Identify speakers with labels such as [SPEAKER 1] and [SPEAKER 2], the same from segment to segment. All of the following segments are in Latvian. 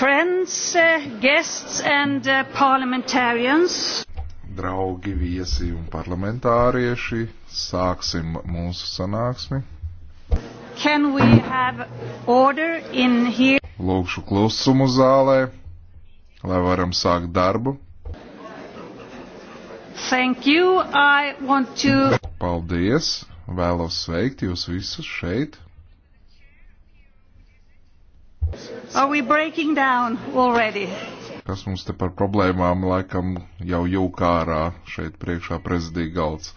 [SPEAKER 1] friends, uh, guests and uh, parliamentarians.
[SPEAKER 2] Draugi, viesi un parlamentārieši, sāksim mūsu sanāksmi.
[SPEAKER 1] Can we have order in here?
[SPEAKER 2] Lūkšu klusumu zālē, lai varam sākt darbu.
[SPEAKER 1] Thank you. I want to.
[SPEAKER 2] Paldies. Vēlos sveikt jūs visus šeit.
[SPEAKER 1] Kas
[SPEAKER 2] mums te par problēmām laikam jau jūkārā šeit priekšā prezidija galds.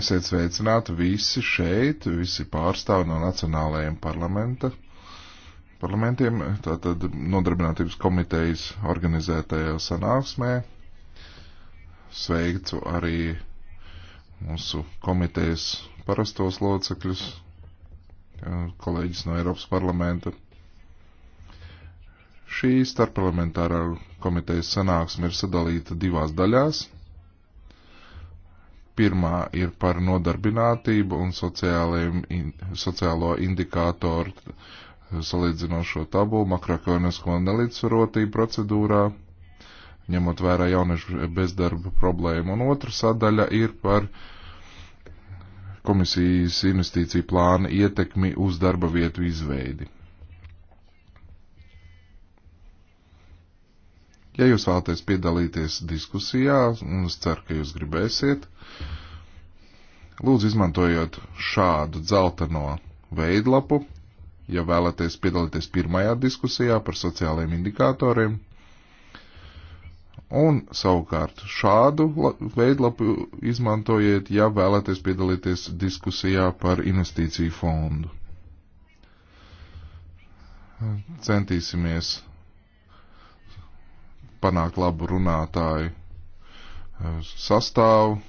[SPEAKER 2] Esiet sveicināti visi šeit, visi pārstāvi no nacionālajiem parlamenta. parlamentiem, tātad nodarbinātības komitejas organizētajā sanāksmē. Sveicu arī mūsu komitejas parastos locekļus, kolēģis no Eiropas parlamenta. Šī starpparlamentārā komitejas sanāksme ir sadalīta divās daļās. Pirmā ir par nodarbinātību un in, sociālo indikātoru salīdzinošo tabulu makroekonomisko nelīdzsvarotību procedūrā, ņemot vērā jauniešu bezdarba problēmu, un otra sadaļa ir par uh, komisijas investīciju plāna ietekmi uz darba vietu izveidi. Ja jūs vēlaties piedalīties diskusijā, un es ceru, ka jūs gribēsiet, lūdzu izmantojot šādu dzelteno veidlapu, ja vēlaties piedalīties pirmajā diskusijā par sociālajiem indikatoriem Un savukārt šādu veidlapu izmantojiet, ja vēlaties piedalīties diskusijā par investīciju fondu. Centīsimies panākt labu runātāju eh, sastāvu.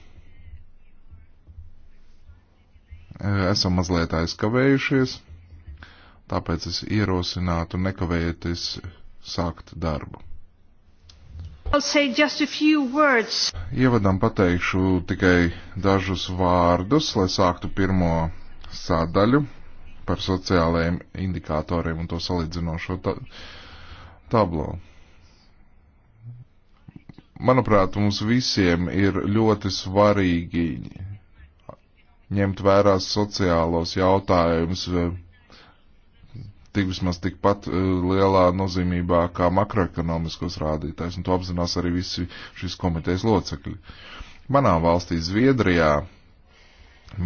[SPEAKER 2] Eh, esam mazliet aizkavējušies, tāpēc es ierosinātu nekavējoties sākt darbu. Ievadam pateikšu tikai dažus vārdus, lai sāktu pirmo sadaļu par sociālajiem indikatoriem un to salīdzinošo ta tablo. Manuprāt, mums visiem ir ļoti svarīgi ņemt vērā sociālos jautājumus tik vismaz tikpat e, lielā nozīmībā kā makroekonomiskos rādītājs, un to apzinās arī visi šīs komitejas locekļi. Manā valstī Zviedrijā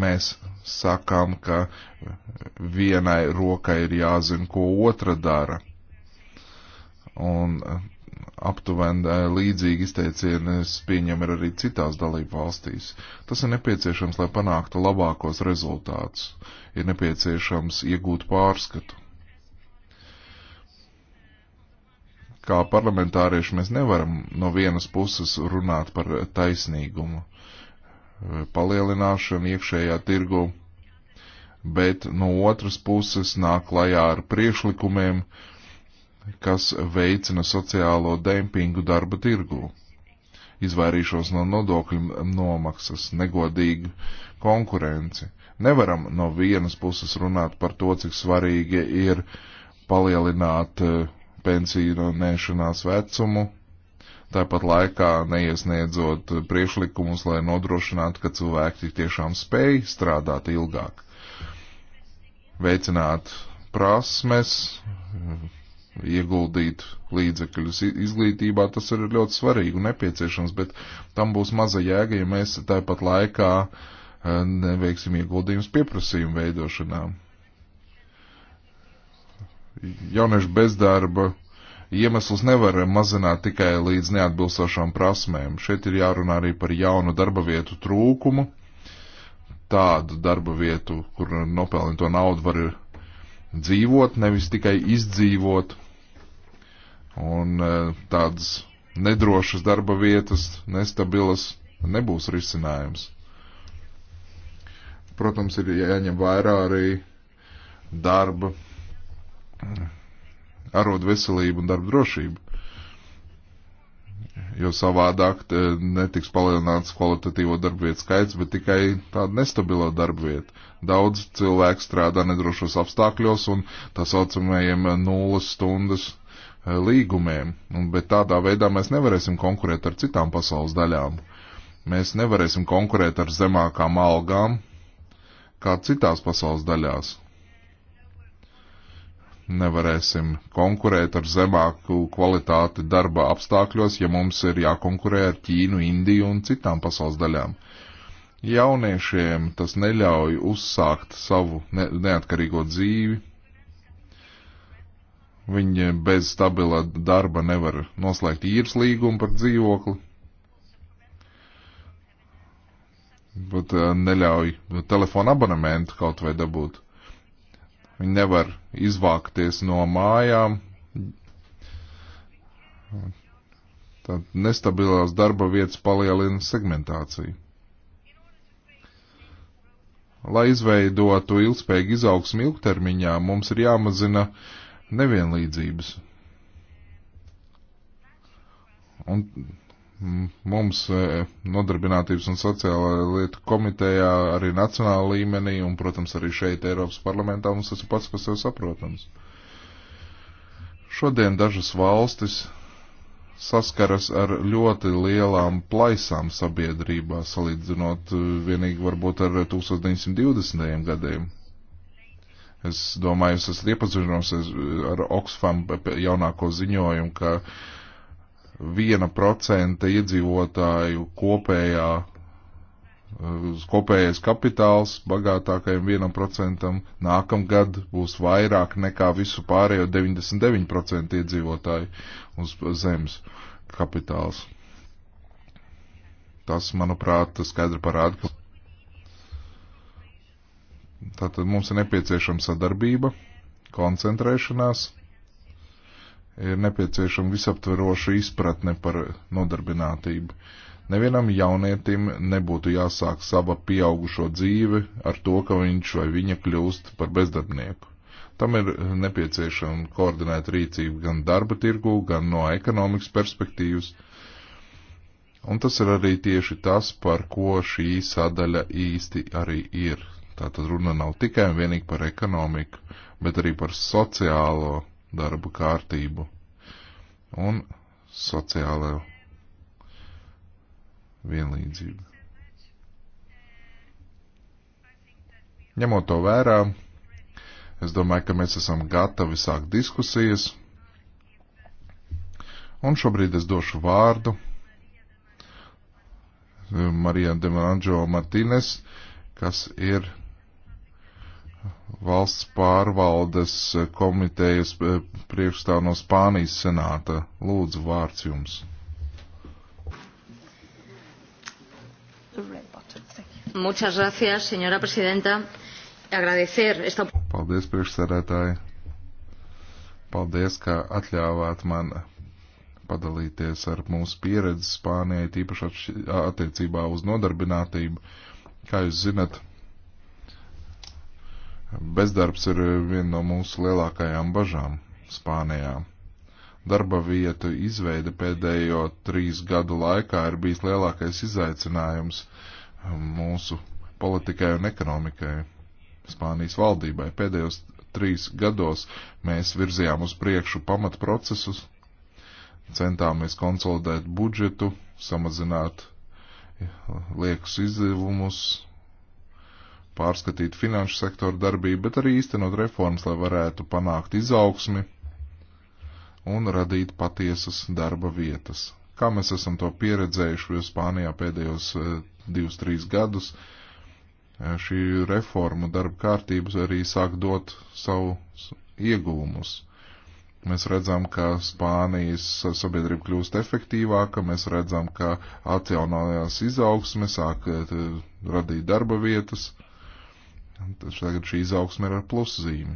[SPEAKER 2] mēs sakām, ka vienai rokai ir jāzina, ko otra dara. Un e, aptuveni e, līdzīgi izteicienes pieņem ir arī citās dalību valstīs. Tas ir nepieciešams, lai panāktu labākos rezultātus. Ir nepieciešams iegūt pārskatu. kā parlamentārieši mēs nevaram no vienas puses runāt par taisnīgumu, eh, palielināšanu iekšējā tirgu, bet no otras puses nāk klajā ar priekšlikumiem, kas veicina sociālo dempingu darba tirgu. Izvairīšos no nodokļu nomaksas, negodīgu konkurenci. Nevaram no vienas puses runāt par to, cik svarīgi ir palielināt uh, pensionēšanās vecumu, tāpat laikā neiesniedzot priešlikumus, lai nodrošinātu, ka cilvēki tiešām spēj strādāt ilgāk, veicināt prasmes, ieguldīt līdzekļus izglītībā, tas ir ļoti svarīgi un nepieciešams, bet tam būs maza jēga, ja mēs tāpat laikā eh, neveiksim ieguldījums pieprasījumu veidošanām jauniešu bezdarba iemeslus nevar mazināt tikai līdz neatbilstošām prasmēm. Šeit ir jārunā arī par jaunu darba vietu trūkumu, tādu darba vietu, kur nopelnīt to naudu var dzīvot, nevis tikai izdzīvot. Un e, tādas nedrošas darba vietas, nestabilas, nebūs risinājums. Protams, ir jāņem vērā arī darba arodu veselību un darba drošību. Jo savādāk netiks palielināts kvalitatīvo darba vietu skaits, bet tikai tāda nestabilo darba vieta. Daudz cilvēku strādā nedrošos apstākļos un tā saucamajiem nulles stundas eh, līgumiem, un, bet tādā veidā mēs nevarēsim konkurēt ar citām pasaules daļām. Mēs nevarēsim konkurēt ar zemākām algām kā citās pasaules daļās nevarēsim konkurēt ar zemāku kvalitāti darba apstākļos, ja mums ir jākonkurē ar Ķīnu, Indiju un citām pasaules daļām. Jauniešiem tas neļauj uzsākt savu ne neatkarīgo dzīvi. Viņi bez stabila darba nevar noslēgt īres līgumu par dzīvokli. Bet eh, neļauj telefonu abonementu kaut vai dabūt. Viņi nevar izvākties no mājām. Tad nestabilās darba vietas palielina segmentāciju. Lai izveidotu ilgspējīgu izaugsmu ilgtermiņā, mums ir jāmazina nevienlīdzības. Un mums e, nodarbinātības un sociālā lietu komitejā arī nacionāla līmenī un, protams, arī šeit Eiropas parlamentā mums tas ir pats par sevi saprotams. Šodien dažas valstis saskaras ar ļoti lielām plaisām sabiedrībā, salīdzinot e, vienīgi varbūt ar 1920. gadiem. Es domāju, jūs esat iepazinusies e, ar Oxfam jaunāko ziņojumu, ka uh, 1% iedzīvotāju kopējā, eh, kopējais kapitāls bagātākajam 1% nākamgad būs vairāk nekā visu pārējo 99% iedzīvotāju uz zemes kapitāls. Tas, manuprāt, skaidri parāda, ka tātad mums ir nepieciešama sadarbība, koncentrēšanās ir nepieciešama visaptveroša izpratne par nodarbinātību. Nevienam jaunietim nebūtu jāsāk sava pieaugušo dzīve ar to, ka viņš vai viņa kļūst par bezdarbnieku. Tam ir nepieciešama koordinēta rīcība gan darba tirgu, gan no ekonomikas perspektīvas. Un tas ir arī tieši tas, par ko šī sadaļa īsti arī ir. Tātad runa nav tikai un vienīgi par ekonomiku, bet arī par sociālo darba kārtību un sociālo vienlīdzību. Ņemot to vērā, es domāju, ka mēs esam gatavi sākt diskusijas. Un šobrīd es došu vārdu Marijai Demanģo Martīnes, kas ir valsts pārvaldes komitejas eh, priekšstāv no Spānijas senāta. Lūdzu, vārds jums.
[SPEAKER 1] Muchas gracias, señora presidenta. Agradecer esta...
[SPEAKER 2] Paldies, priekšsēdētāji. Paldies, ka atļāvāt man padalīties ar mūsu pieredzi Spānijai, tīpaši attiecībā uz nodarbinātību. Kā jūs zinat, Bezdarbs ir eh, viena no mūsu lielākajām bažām Spānijā. Darba vietu izveide pēdējo trīs gadu laikā ir bijis lielākais izaicinājums eh, mūsu politikai un ekonomikai, Spānijas valdībai. Pēdējos trīs gados mēs virzījām uz priekšu pamatprocesus, centāmies konsolidēt budžetu, samazināt eh, liekus izdevumus, pārskatīt finanšu sektoru darbību, bet arī īstenot reformas, lai varētu panākt izaugsmi un radīt patiesas darba vietas. Kā mēs esam to pieredzējuši Spānijā pēdējos eh, divus, trīs gadus, eh, šī reforma darba kārtības arī sāk dot savu iegūmus. Mēs redzam, ka Spānijas sabiedrība kļūst efektīvāka, mēs redzam, ka atjaunojās izaugsme, sāk eh, radīt darba vietas. Tagad šī izaugsme ir ar pluszīmi.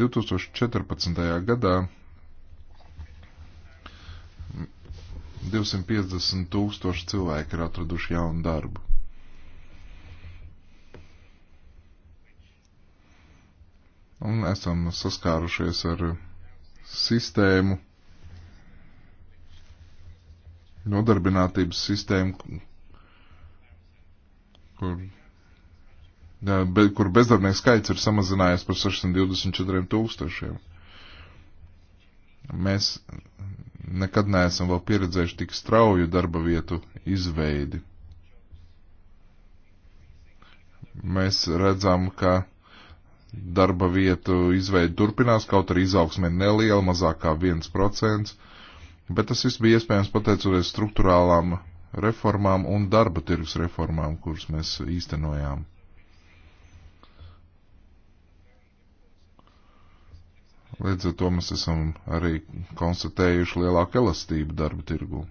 [SPEAKER 2] 2014. gadā 250 tūkstoši cilvēki ir atraduši jaunu darbu. Un esam saskārušies ar sistēmu, nodarbinātības sistēmu, kur, be, kur bezdarbnieku skaits ir samazinājies par 624 tūkstošiem. Mēs nekad neesam vēl pieredzējuši tik strauju darba vietu izveidi. Mēs redzam, ka darba vietu izveidi turpinās, kaut arī izaugsme ir neliela, mazāk kā 1%, bet tas viss bija iespējams pateicoties struktūrālām reformām un darba tirgus reformām, kuras mēs īstenojām. Līdz ar to mēs esam arī konstatējuši lielāku elastību darba tirgu.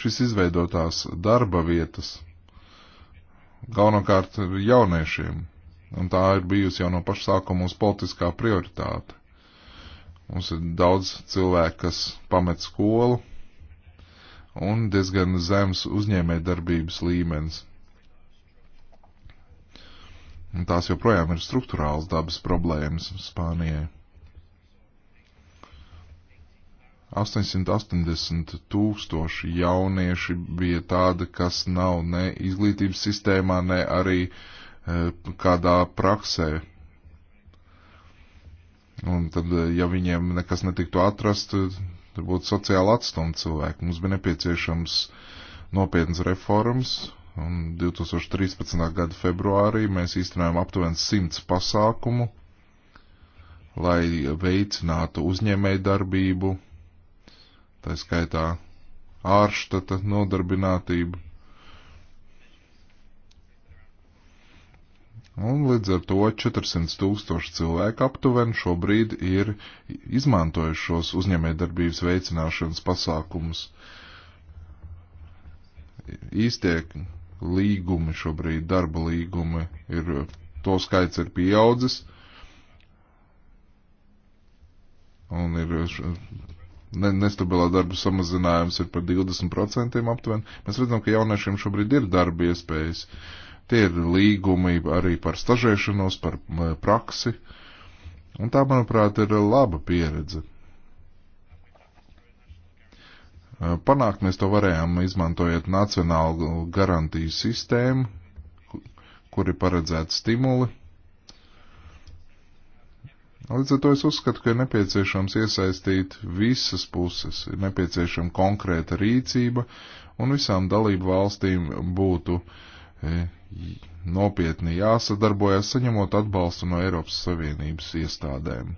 [SPEAKER 2] Šis izveidotās darba vietas galvenokārt jauniešiem, un tā ir bijusi jau no paša sākuma mūsu politiskā prioritāte. Mums ir daudz cilvēku, kas pamet skolu un diezgan zems uzņēmē darbības līmenis. Un tās joprojām ir struktūrāls dabas problēmas Spānijai. 880 tūkstoši jaunieši bija tādi, kas nav ne izglītības sistēmā, ne arī e, kādā praksē Un tad, eh, ja viņiem nekas netiktu atrast, tad būtu sociāli atstumti cilvēki. Mums bija nepieciešams nopietnas reformas, un 2013. gada februārī mēs īstenojām aptuveni 100 pasākumu, lai veicinātu uzņēmēju darbību, tā skaitā ārštata nodarbinātību Un līdz ar to 400 tūkstoši cilvēku aptuveni šobrīd ir izmantojuši šos uzņēmējdarbības veicināšanas pasākumus. Īstie līgumi šobrīd, darba līgumi, ir, to skaits ir pieaudzis. Un ir nestabilā darba samazinājums ir par 20% aptuveni. Mēs redzam, ka jauniešiem šobrīd ir darba iespējas. Uh, Tie ir līgumi arī par stažēšanos, par praksi. Un tā, manuprāt, ir laba pieredze. Panākt mēs to varējām izmantojot nacionālu garantiju sistēmu, kur ir paredzēti stimuli. Līdz ar to es uzskatu, ka ir nepieciešams iesaistīt visas puses, ir nepieciešama konkrēta rīcība, un visām dalību valstīm būtu e, nopietni jāsadarbojas, saņemot atbalstu no Eiropas Savienības iestādēm.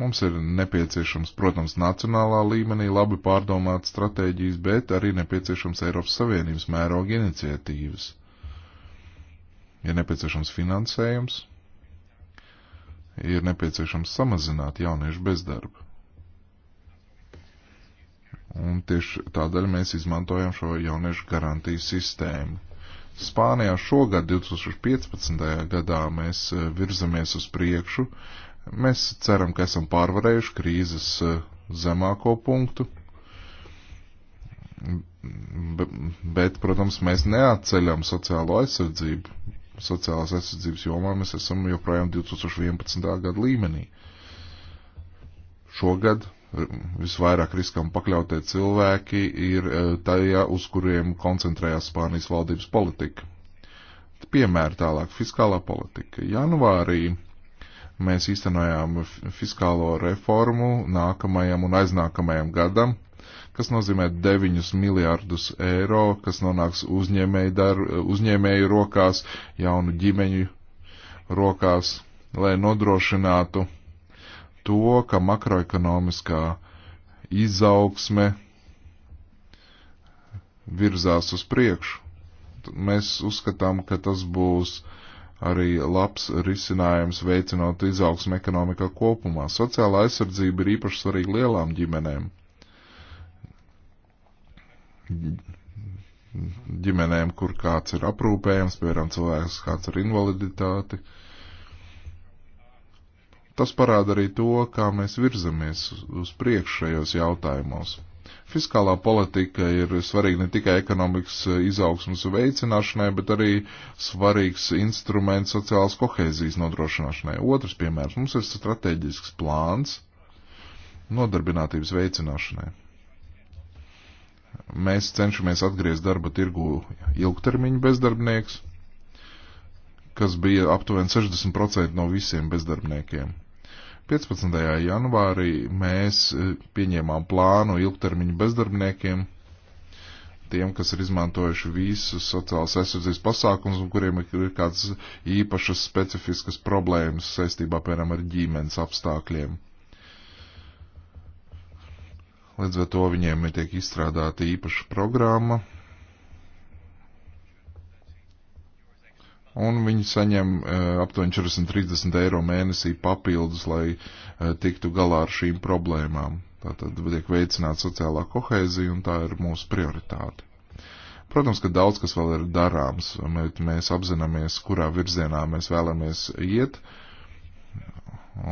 [SPEAKER 2] Mums ir nepieciešams, protams, nacionālā līmenī labi pārdomāt stratēģijas, bet arī nepieciešams Eiropas Savienības mēroga iniciatīvas. Ir nepieciešams finansējums, ir nepieciešams samazināt jauniešu bezdarbu. Un tieši tādēļ mēs izmantojam šo jauniešu garantiju sistēmu Spānijā šogad, 2015. gadā, mēs eh, virzamies uz priekšu. Mēs ceram, ka esam pārvarējuši krīzes eh, zemāko punktu, bet, protams, mēs neatceļam sociālo aizsardzību. Sociālās aizsardzības jomā mēs esam joprojām 2011. gada līmenī. Šogad visvairāk riskam pakļautie cilvēki ir eh, tajā, uz kuriem koncentrējās Spānijas valdības politika. Piemēra tālāk - fiskālā politika. Janvārī mēs īstenojām fiskālo reformu nākamajam un aiznākamajam gadam, kas nozīmē 9 miljārdus eiro, kas nonāks uzņēmēju, dar, uzņēmēju rokās, jaunu ģimeņu rokās, lai nodrošinātu to, ka makroekonomiskā izaugsme virzās uz priekšu. Mēs uzskatām, ka tas būs arī labs risinājums veicinot izaugsmu ekonomikā kopumā. Sociāla aizsardzība ir īpaši svarīga lielām ģimenēm. Ģimenēm, kur kāds ir aprūpējams, piemēram, cilvēks, kāds ar invaliditāti. Uh, Tas parāda arī to, kā mēs virzamies uz priekšu šajos jautājumos. Fiskālā politika ir svarīga ne tikai ekonomikas izaugsmas veicināšanai, bet arī svarīgs instruments sociālas kohēzijas nodrošināšanai. Otrs piemērs mums ir strateģisks plāns nodarbinātības veicināšanai. Mēs cenšamies atgriezt darba tirgu ilgtermiņu bezdarbnieks, kas bija aptuveni 60% no visiem bezdarbniekiem 15. janvārī mēs eh, pieņēmām plānu ilgtermiņu bezdarbniekiem, tiem, kas ir izmantojuši visus sociālās aizsardzības pasākums un kuriem ir kāds īpašas specifiskas problēmas saistībā, piemēram, ar ģimenes apstākļiem. Līdz ar to viņiem tiek izstrādāta īpaša programma, un viņi saņem eh, aptuveni 40-30 eiro mēnesī papildus, lai eh, tiktu galā ar šīm problēmām. Tātad tiek veicināta sociālā kohēzija, un tā ir mūsu prioritāte. Protams, ka daudz kas vēl ir darāms, bet mēs apzināmies, kurā virzienā mēs vēlamies iet,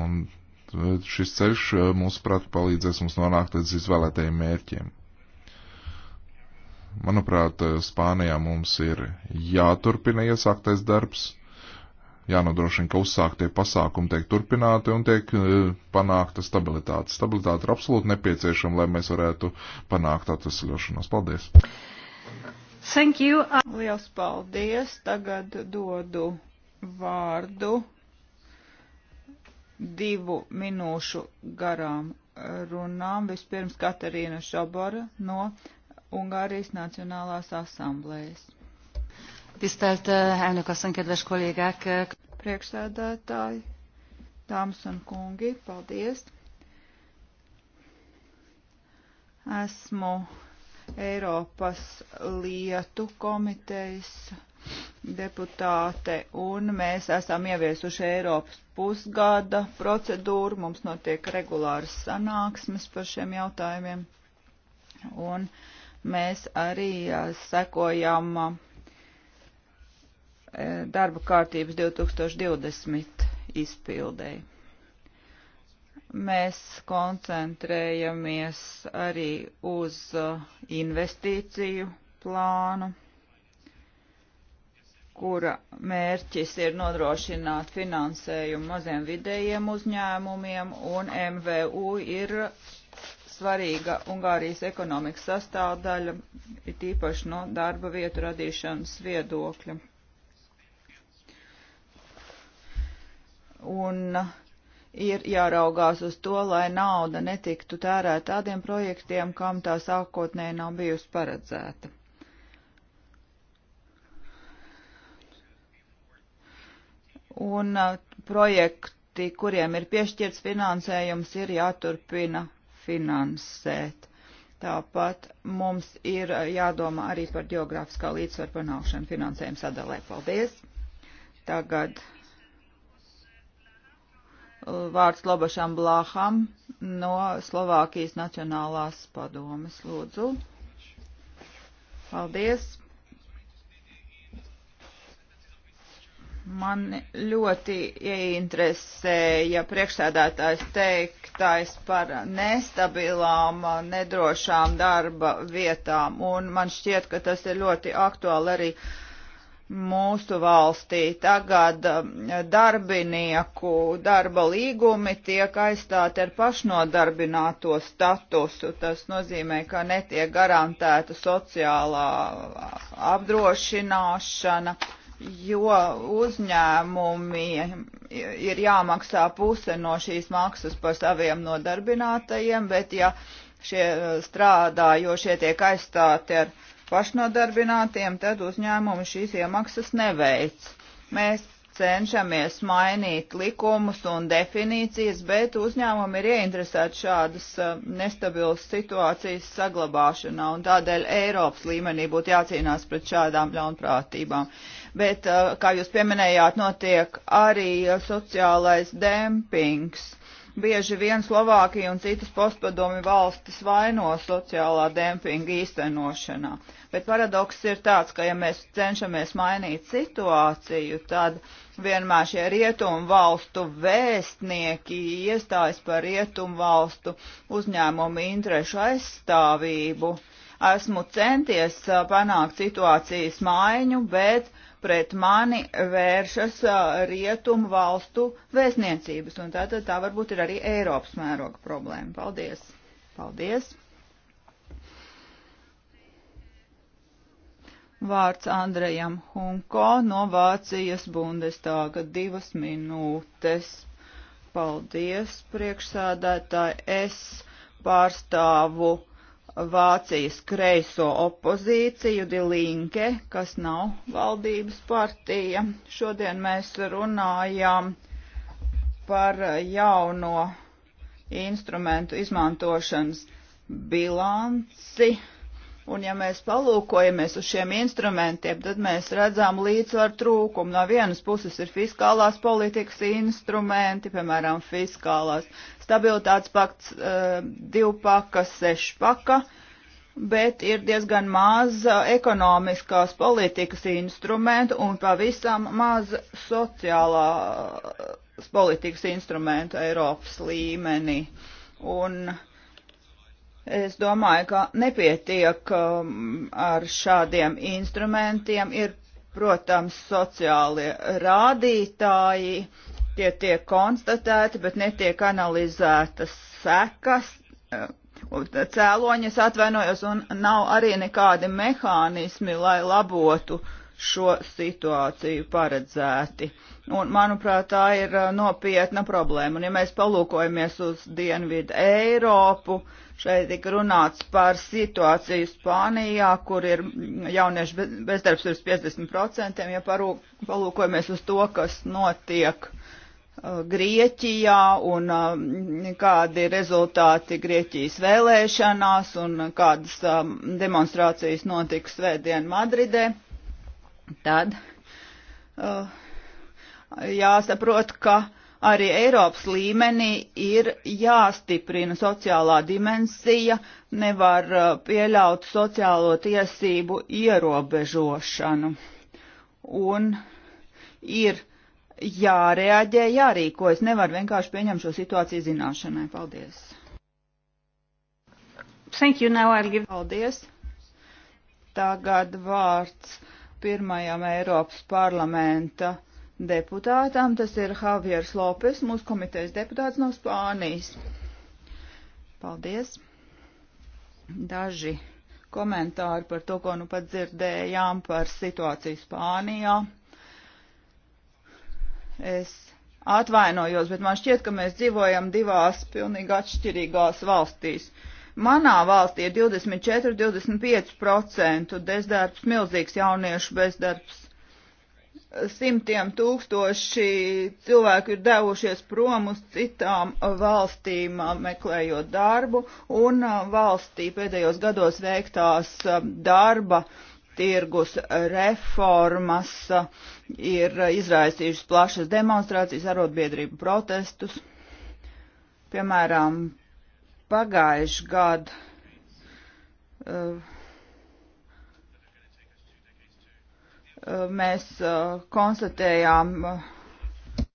[SPEAKER 2] un eh, šis ceļš, mūsuprāt, palīdzēs mums nonākt līdz izvēlētajiem mērķiem. Manuprāt, Spānijā mums ir jāturpina iesāktais darbs, jānodrošina, ka uzsāktie pasākumi tiek turpināti un tiek e, panākta stabilitāte. Stabilitāte ir absolūti nepieciešama, lai mēs varētu panākt atvesļošanos. Paldies!
[SPEAKER 3] Thank you. Liels paldies! Tagad dodu vārdu divu minūšu garām runām. Vispirms Katarīna Šabara no Ungārijas Nacionālās asamblējas.
[SPEAKER 1] Tisztelt eh, elnök asszony, kedves kollégák! Eh, Priekšsēdētāji,
[SPEAKER 3] dāmas un kungi, paldies! Esmu Eiropas lietu komitejas deputāte, un mēs esam ieviesuši Eiropas pusgada procedūru. Mums notiek regulāras sanāksmes par šiem jautājumiem. Un uh, mēs arī sekojam darba kārtības 2020 izpildēji. Mēs koncentrējamies arī uz investīciju plānu kura mērķis ir nodrošināt finansējumu maziem vidējiem uzņēmumiem, un MVU ir svarīga Ungārijas ekonomikas sastāvdaļa, ir tīpaši no darba vietu radīšanas viedokļa. Un ir jāraugās uz to, lai nauda netiktu tērēt tādiem projektiem, kam tā sākotnēji nav bijusi paredzēta. Un uh, projekti, kuriem ir piešķirts finansējums, ir jāturpina finansēt. Tāpat mums ir eh, jādomā arī par geogrāfiskā līdzsvaru panākšanu finansējumu sadalē. Paldies! Tagad eh, vārds Lobašam Blāham no Slovākijas Nacionālās padomes. Lūdzu! Paldies! Man ļoti ieinteresēja priekšsēdētājs teiktais par nestabilām, nedrošām darba vietām, un man šķiet, ka tas ir ļoti aktuāli arī mūsu valstī. Tagad um, darbinieku darba līgumi tiek aizstāti ar pašnodarbināto statusu. Tas nozīmē, ka netiek garantēta sociālā apdrošināšana jo uzņēmumiem ir jāmaksā puse no šīs maksas par saviem nodarbinātajiem, bet ja šie strādājošie tiek aizstāti ar pašnodarbinātiem, tad uzņēmumi šīs iemaksas neveic. Mēs cenšamies mainīt likumus un definīcijas, bet uzņēmumi ir ieinteresēti šādas eh, nestabilas situācijas saglabāšanā, un tādēļ Eiropas līmenī būtu jācīnās pret šādām ļaunprātībām bet, uh, kā jūs pieminējāt, notiek arī uh, sociālais dempings. Bieži vien Slovākija un citas postpadomi valstis vaino sociālā dempinga īstenošanā. Bet paradoks ir tāds, ka ja mēs cenšamies mainīt situāciju, tad vienmēr šie rietumu valstu vēstnieki iestājas par rietumu valstu uzņēmumu interešu aizstāvību. Esmu centies uh, panākt situācijas maiņu, bet uh, pret mani vēršas rietumu valstu vēstniecības, un tātad tā varbūt ir arī Eiropas mēroga problēma. Paldies! Paldies! Vārds Andrejam Hunko no Vācijas Bundestāga divas minūtes. Paldies, priekšsādātāji. Es pārstāvu Vācijas kreiso opozīciju, Dilinke, kas nav valdības partija. Šodien mēs runājām par jauno instrumentu izmantošanas bilanci Un ja mēs palūkojamies uz šiem instrumentiem, tad mēs redzam līdzsvaru trūkumu. No vienas puses ir fiskālās politikas instrumenti, piemēram, fiskālās stabilitātes pakts, eh, divpaka, sešpaka, bet ir diezgan maz eh, ekonomiskās politikas instrumentu un pavisam maz sociālās eh, politikas instrumentu Eiropas līmenī. Un, uh, Es domāju, ka nepietiek um, ar šādiem instrumentiem. Ir, protams, sociālie rādītāji, tie tiek konstatēti, bet netiek analizētas sekas, uh, cēloņas atvainojos, un nav arī nekādi mehānismi, lai labotu šo situāciju paredzēti. Un, manuprāt, tā ir uh, nopietna problēma. Un, ja mēs palūkojamies uz Dienvidu Eiropu, uh, Šeit tika runāts par situāciju Spānijā, kur ir jauniešu bezdarbs virs 50%, ja palūkojamies uz to, kas notiek uh, Grieķijā un uh, kādi ir rezultāti Grieķijas vēlēšanās un kādas um, demonstrācijas notiks svētdien Madridē, tad uh, jāsaprot, ka arī Eiropas līmenī ir jāstiprina sociālā dimensija, nevar uh, pieļaut sociālo tiesību ierobežošanu. Un ir jāreaģē, jārīkojas, nevar vienkārši pieņemt šo situāciju zināšanai. Paldies! Thank you, now I'll give... Paldies! Tagad vārds pirmajam Eiropas parlamenta deputātam. Tas ir Javiers Lopes, mūsu komitejas deputāts no Spānijas. Paldies. Daži komentāri par to, ko nu pat dzirdējām par situāciju Spānijā. Es atvainojos, bet man šķiet, ka mēs dzīvojam divās pilnīgi atšķirīgās valstīs. Manā valstī ir 24-25% bezdarbs, milzīgs jauniešu bezdarbs simtiem tūkstoši cilvēku ir devušies prom uz citām valstīm uh, meklējot darbu, un uh, valstī pēdējos gados veiktās uh, darba tirgus reformas ir izraisījušas plašas demonstrācijas, arotbiedrību protestus. Piemēram, pagājuši gadu. Uh, mēs uh, konstatējām, uh,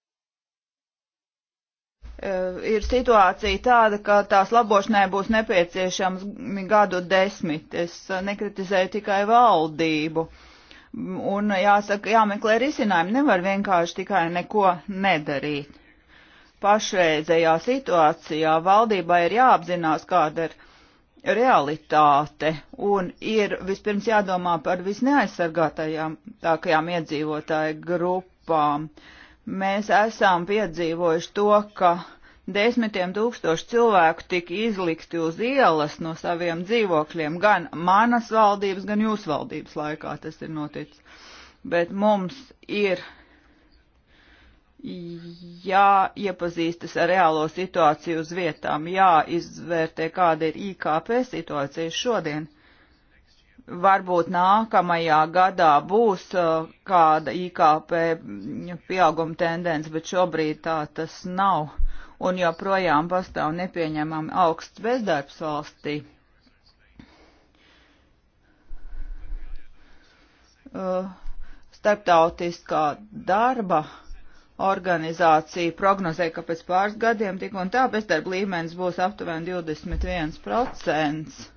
[SPEAKER 3] ir situācija tāda, ka tās labošanai būs nepieciešams gadu desmit. Es uh, nekritizēju tikai valdību. Un jāsaka, jāmeklē risinājumi. Nevar vienkārši tikai neko nedarīt. Pašreizējā situācijā valdībai ir jāapzinās, kāda ir realitāte un ir vispirms jādomā par visneaizsargātajām tākajām iedzīvotāju grupām. Mēs esam piedzīvojuši to, ka desmitiem tūkstoši cilvēku tika izlikti uz ielas no saviem dzīvokļiem, gan manas valdības, gan jūsu valdības laikā tas ir noticis. Bet mums ir jāiepazīstas ar reālo situāciju uz vietām, jāizvērtē, kāda ir IKP situācija šodien. Varbūt nākamajā gadā būs uh, kāda IKP pieauguma tendence, bet šobrīd tā tas nav. Un joprojām pastāv nepieņemami augsts bezdarbs valstī. Uh, starptautiskā darba uh, organizācija prognozē, ka pēc pāris gadiem tik un tā bezdarba līmenis būs aptuveni 21%.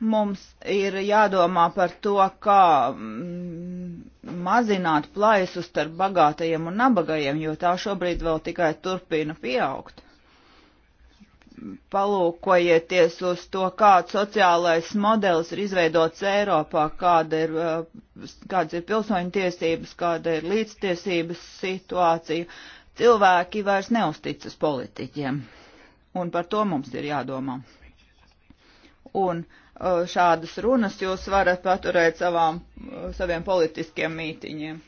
[SPEAKER 3] Mums ir jādomā par to, kā mm, mazināt plaisu starp bagātajiem un nabagajiem, jo tā šobrīd vēl tikai turpina pieaugt palūkojieties uz to, kāds sociālais modelis ir izveidots Eiropā, kāda ir, uh, kādas ir pilsoņu tiesības, kāda ir līdztiesības situācija. Cilvēki vairs neusticas politiķiem, un par to mums ir jādomā. Un uh, šādas runas jūs varat paturēt savām, uh, saviem politiskiem mītiņiem.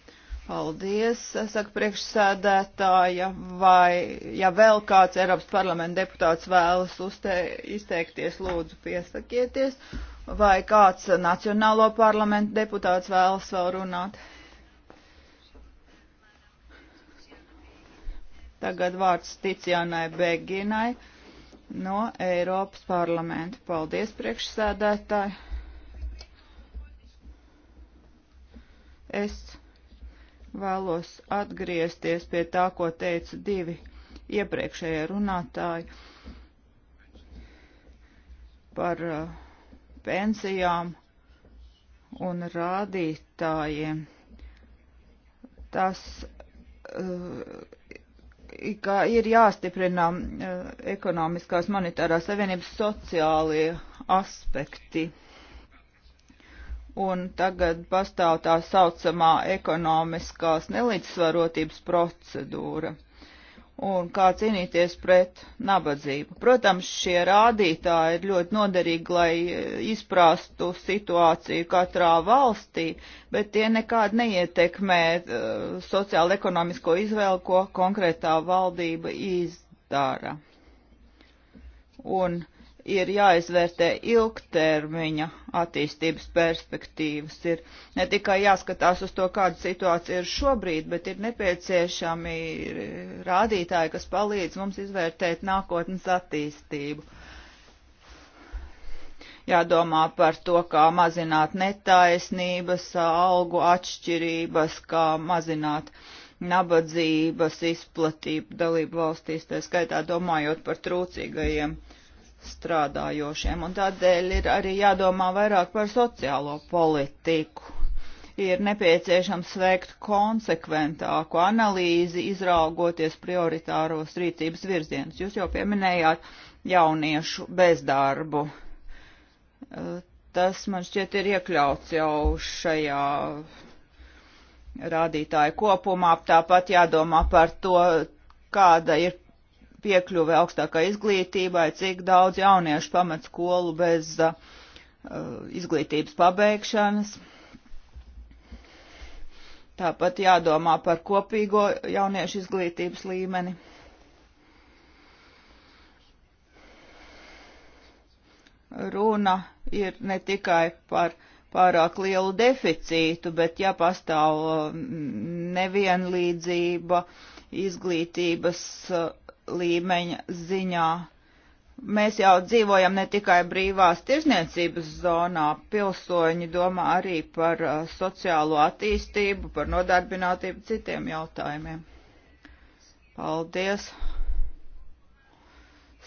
[SPEAKER 3] Paldies, saka priekšsēdētāja, vai ja vēl kāds Eiropas parlamenta deputāts vēlas uzte, izteikties, lūdzu piesakieties, vai kāds Nacionālo parlamentu deputāts vēlas vēl runāt. Tagad vārds Ticijānai Beginai no Eiropas parlamenta. Paldies, priekšsēdētāji. Es vēlos atgriezties pie tā, ko teica divi iepriekšējie runātāji par uh, pensijām un rādītājiem. Tas uh, ka ir jāstiprina uh, ekonomiskās monetārās savienības sociālie aspekti un tagad pastāv tā saucamā ekonomiskās nelīdzsvarotības procedūra. Un kā cīnīties pret nabadzību. Protams, šie rādītāji ir ļoti noderīgi, lai e, izprastu situāciju katrā valstī, bet tie nekādi neietekmē uh, e, sociāla-ekonomisko izvēlu, ko konkrētā valdība izdara. Un uh, ir jāizvērtē ilgtermiņa attīstības perspektīvas. Ir ne tikai jāskatās uz to, kāda situācija ir šobrīd, bet ir nepieciešami rādītāji, kas palīdz mums izvērtēt nākotnes attīstību. Jādomā par to, kā mazināt netaisnības, algu atšķirības, kā mazināt nabadzības izplatību dalību valstīs, tā skaitā domājot par trūcīgajiem strādājošiem, un tādēļ ir arī jādomā vairāk par sociālo politiku. Ir nepieciešams veikt konsekventāku analīzi, izraugoties prioritāros rīcības virzienus. Jūs jau pieminējāt jauniešu bezdarbu. E, tas man šķiet ir iekļauts jau šajā rādītāju kopumā, tāpat jādomā par to, kāda ir piekļuve augstākai izglītībai, cik daudz jauniešu pamet skolu bez uh, izglītības pabeigšanas. Tāpat jādomā par kopīgo jauniešu izglītības līmeni. Runa ir ne tikai par pārāk lielu deficītu, bet ja pastāv uh, nevienlīdzība izglītības uh, līmeņa ziņā. Mēs jau dzīvojam ne tikai brīvās tirzniecības zonā, pilsoņi domā arī par uh, sociālo attīstību, par nodarbinātību citiem jautājumiem. Paldies!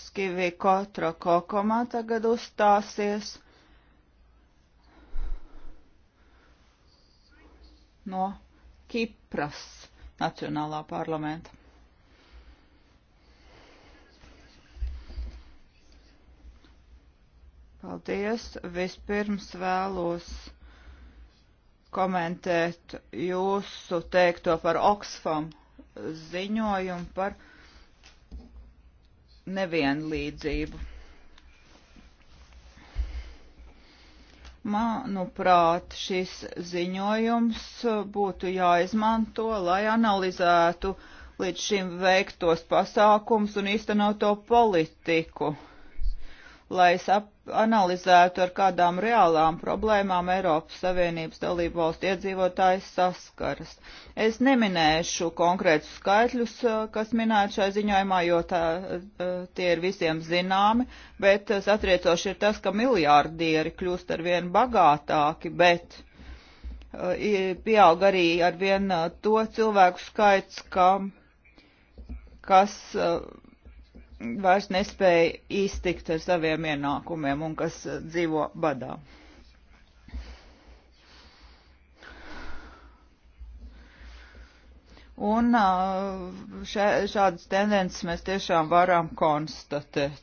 [SPEAKER 3] Skivī Kotra Kokomā tagad uzstāsies no Kipras Nacionālā parlamenta. Paldies. Vispirms vēlos komentēt jūsu teikto par Oxfam ziņojumu par nevienlīdzību. Manuprāt, šis ziņojums būtu jāizmanto, lai analizētu līdz šim veiktos pasākums un īstenoto politiku, lai saprastu, analizētu, ar kādām reālām problēmām Eiropas Savienības dalību valstu iedzīvotājs saskaras. Es neminēšu konkrētus skaitļus, eh, kas minēti šai ziņojumā, jo tā, eh, tie ir visiem zināmi, bet eh, satriecoši ir tas, ka miljārdieri kļūst ar vien bagātāki, bet pieaug arī ar vien to cilvēku skaits, ka, kas vairs nespēja iztikt ar saviem ienākumiem un kas eh, dzīvo badā. Un eh, šādas tendences mēs tiešām varam konstatēt.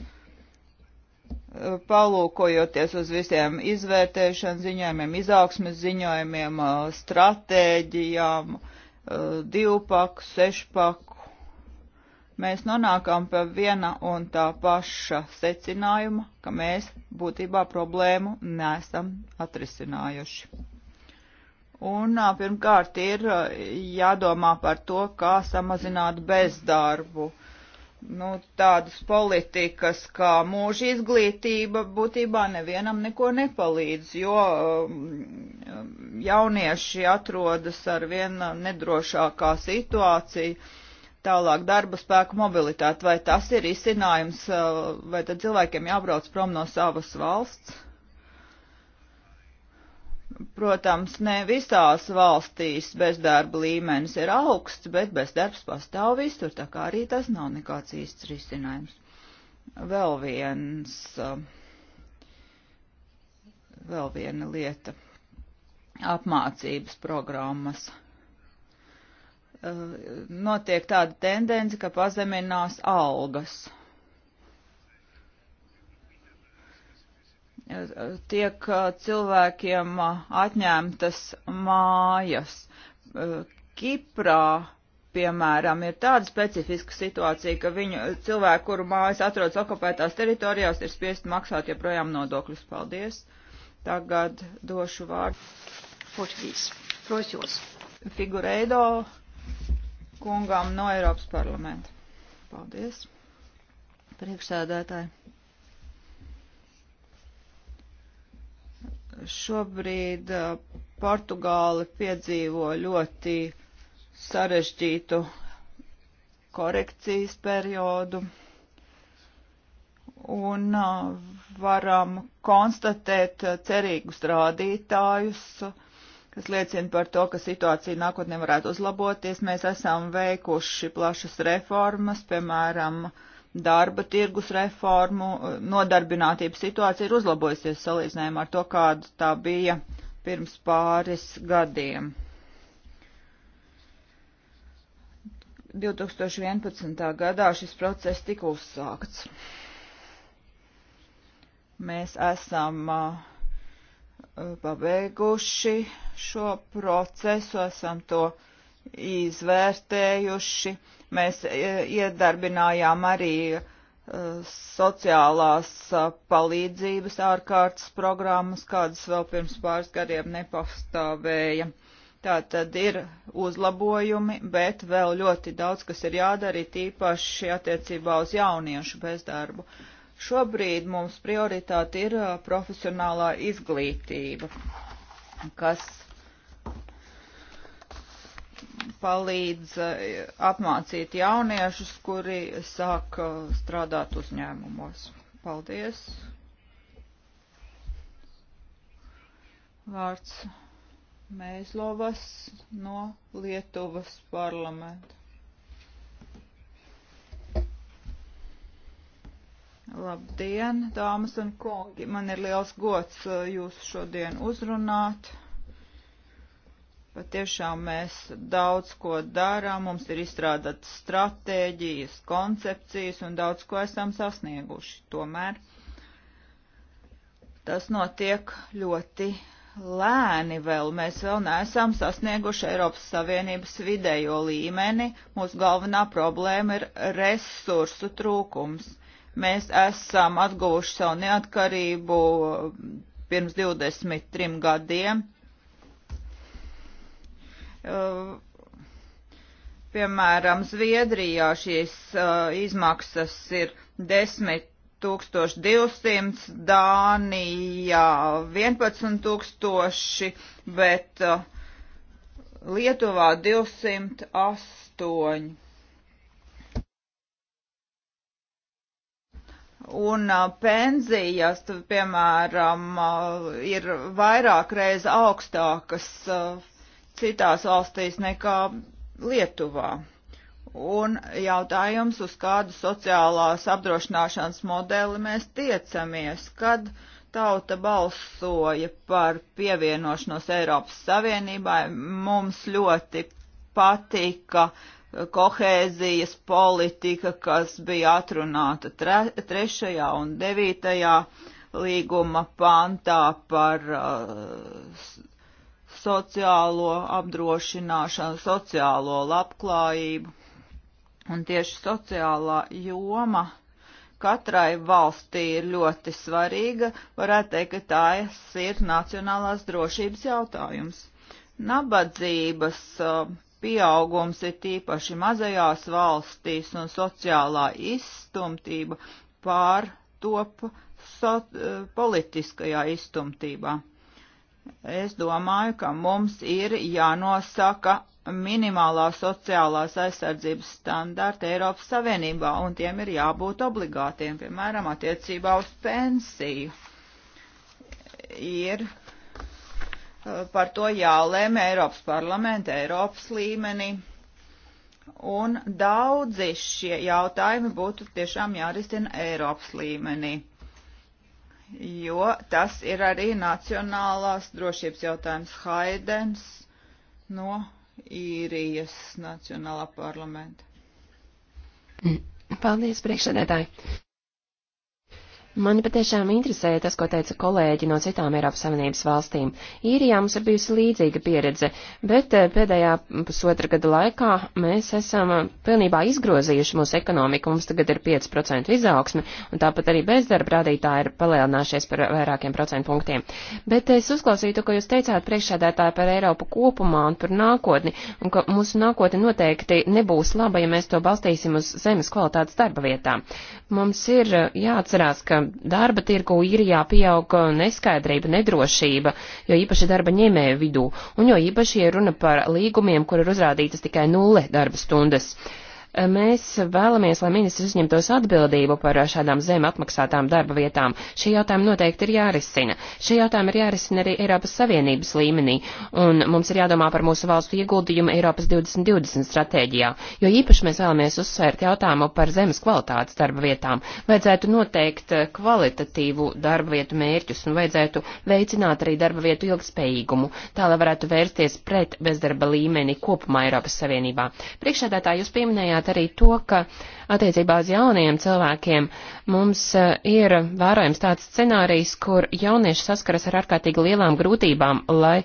[SPEAKER 3] Eh, palūkojoties uz visiem izvērtēšanas ziņojumiem, izaugsmes ziņojumiem, stratēģijām, divpaku, sešpaku, mēs nonākam pie viena un tā paša secinājuma, ka mēs būtībā problēmu nesam atrisinājuši. Un pirmkārt ir jādomā par to, kā samazināt bezdarbu. Nu, tādas politikas kā mūža izglītība būtībā nevienam neko nepalīdz, jo jaunieši atrodas ar vien nedrošākā situācija Tālāk darba spēku mobilitāte, vai tas ir izcinājums, uh, vai tad cilvēkiem jābrauc prom no savas valsts? Protams, ne visās valstīs bezdarba līmenis ir augsts, bet bezdarbs pastāv visur, tā kā arī tas nav nekāds īsts risinājums. Vēl viens, uh, vēl viena lieta - apmācības programmas Eh, notiek tāda tendence, ka pazeminās algas. Eh, tiek eh, cilvēkiem atņemtas mājas. Kiprā, piemēram, ir tāda specifiska situācija, ka viņu cilvēku, kuru mājas atrodas okupētās teritorijās, ir spiest maksāt joprojām nodokļus. Paldies! Tagad došu vārdu. Portugīs. Prosjos. Figureido kungām no Eiropas parlamenta. Paldies. Priekšsēdētāji. Šobrīd uh, Portugāli piedzīvo ļoti sarežģītu korekcijas periodu un uh, varam konstatēt uh, cerīgus rādītājus kas liecina par to, ka situācija nākotnē varētu uzlaboties. Mēs esam veikuši plašas reformas, piemēram, darba tirgus reformu, nodarbinātības situācija ir uzlabojusies salīdzinājumā ar to, kāda tā bija pirms pāris gadiem. 2011. gadā šis process tika uzsākts. Mēs esam uh, Eh, pabeiguši šo procesu, esam to izvērtējuši. Mēs eh, iedarbinājām arī eh, sociālās palīdzības ārkārtas programmas, kādas vēl pirms pāris gadiem nepastāvēja. Tā tad ir uzlabojumi, bet vēl ļoti daudz, kas ir jādara, tīpaši attiecībā uz jauniešu bezdarbu. Uh, Šobrīd mums prioritāte ir profesionālā izglītība, kas palīdz apmācīt jauniešus, kuri sāk strādāt uzņēmumos. Paldies! Vārds Mēzlovas no Lietuvas parlamenta. Labdien, dāmas un kungi! Man ir liels gods uh, jūs šodien uzrunāt. Patiešām mēs daudz ko darām, mums ir izstrādātas stratēģijas, koncepcijas un daudz ko esam sasnieguši. Tomēr tas notiek ļoti lēni vēl. Mēs vēl neesam sasnieguši Eiropas Savienības vidējo līmeni. Mūsu galvenā problēma ir resursu trūkums Mēs esam atguvuši savu neatkarību eh, pirms 23 gadiem. Eh, piemēram, Zviedrijā šīs eh, izmaksas ir 10 1200, Dānijā 11000, bet Lietuvā 208. un pensijas, piemēram, ir vairāk reiz augstākas citās valstīs nekā Lietuvā. Un jautājums, uz kādu sociālās apdrošināšanas modeli mēs tiecamies, kad tauta balsoja par pievienošanos Eiropas Savienībai, mums ļoti patika uh, kohēzijas politika, kas bija atrunāta tre, trešajā un devītajā līguma pantā par uh, sociālo apdrošināšanu, sociālo labklājību. Un tieši sociālā joma katrai valstī ir ļoti svarīga, varētu teikt, ka tās ir nacionālās drošības jautājums. Nabadzības uh, pieaugums ir tīpaši mazajās valstīs un sociālā izstumtība pārtop so, politiskajā izstumtībā. Es domāju, ka mums ir jānosaka minimālā sociālās aizsardzības standarta Eiropas Savienībā, un tiem ir jābūt obligātiem, piemēram, attiecībā uz pensiju. Ir par to jālēma Eiropas parlamenta, Eiropas līmenī. Un daudzi šie jautājumi būtu tiešām jārisina Eiropas līmenī, jo tas ir arī nacionālās drošības jautājums Haidens no īrijas nacionālā parlamenta.
[SPEAKER 4] Paldies, priekšsēdētāji! Mani patiešām interesēja tas, ko teica kolēģi no citām Eiropas Savienības valstīm. Īrijā mums ir bijusi līdzīga pieredze, bet eh, pēdējā pusotra gada laikā mēs esam eh, pilnībā izgrozījuši mūsu ekonomiku. Mums tagad ir 5% izaugsme, un tāpat arī bezdarba rādītāji ir palielinājušies par vairākiem procentu punktiem. Bet es uzklausītu, ko jūs teicāt priekšsēdētāji par Eiropu kopumā un par nākotni, un ka mūsu nākotne noteikti nebūs laba, ja mēs to balstīsim uz zemes kvalitātes darba vietām. Mums ir eh, jāatcerās, ka darba tirgu īrijā pieaug uh, neskaidrība, nedrošība, jo īpaši darba ņēmēju vidū, un jo īpaši ir runa par līgumiem, kur ir uzrādītas tikai nulle darba stundas. Uh, Mēs vēlamies, lai ministrs uzņemtos atbildību par šādām zem atmaksātām darba vietām. Šie jautājumi noteikti ir jārisina. Šie jautājumi ir jārisina arī Eiropas Savienības līmenī, un mums ir jādomā par mūsu valstu ieguldījumu Eiropas 2020 stratēģijā, jo īpaši mēs vēlamies uzsvērt jautājumu par zemes kvalitātes darba vietām. Vajadzētu noteikt eh, kvalitatīvu darba vietu mērķus un vajadzētu veicināt arī darba vietu ilgspējīgumu, tā lai varētu vērsties pret bezdarba līmeni kopumā Eiropas Savienībā. Priekšādātā jūs pieminējāt pieminēt arī to, ka attiecībā uz jauniem cilvēkiem mums eh, ir vērojams tāds scenārijs, kur jaunieši saskaras ar ārkārtīgi lielām grūtībām, lai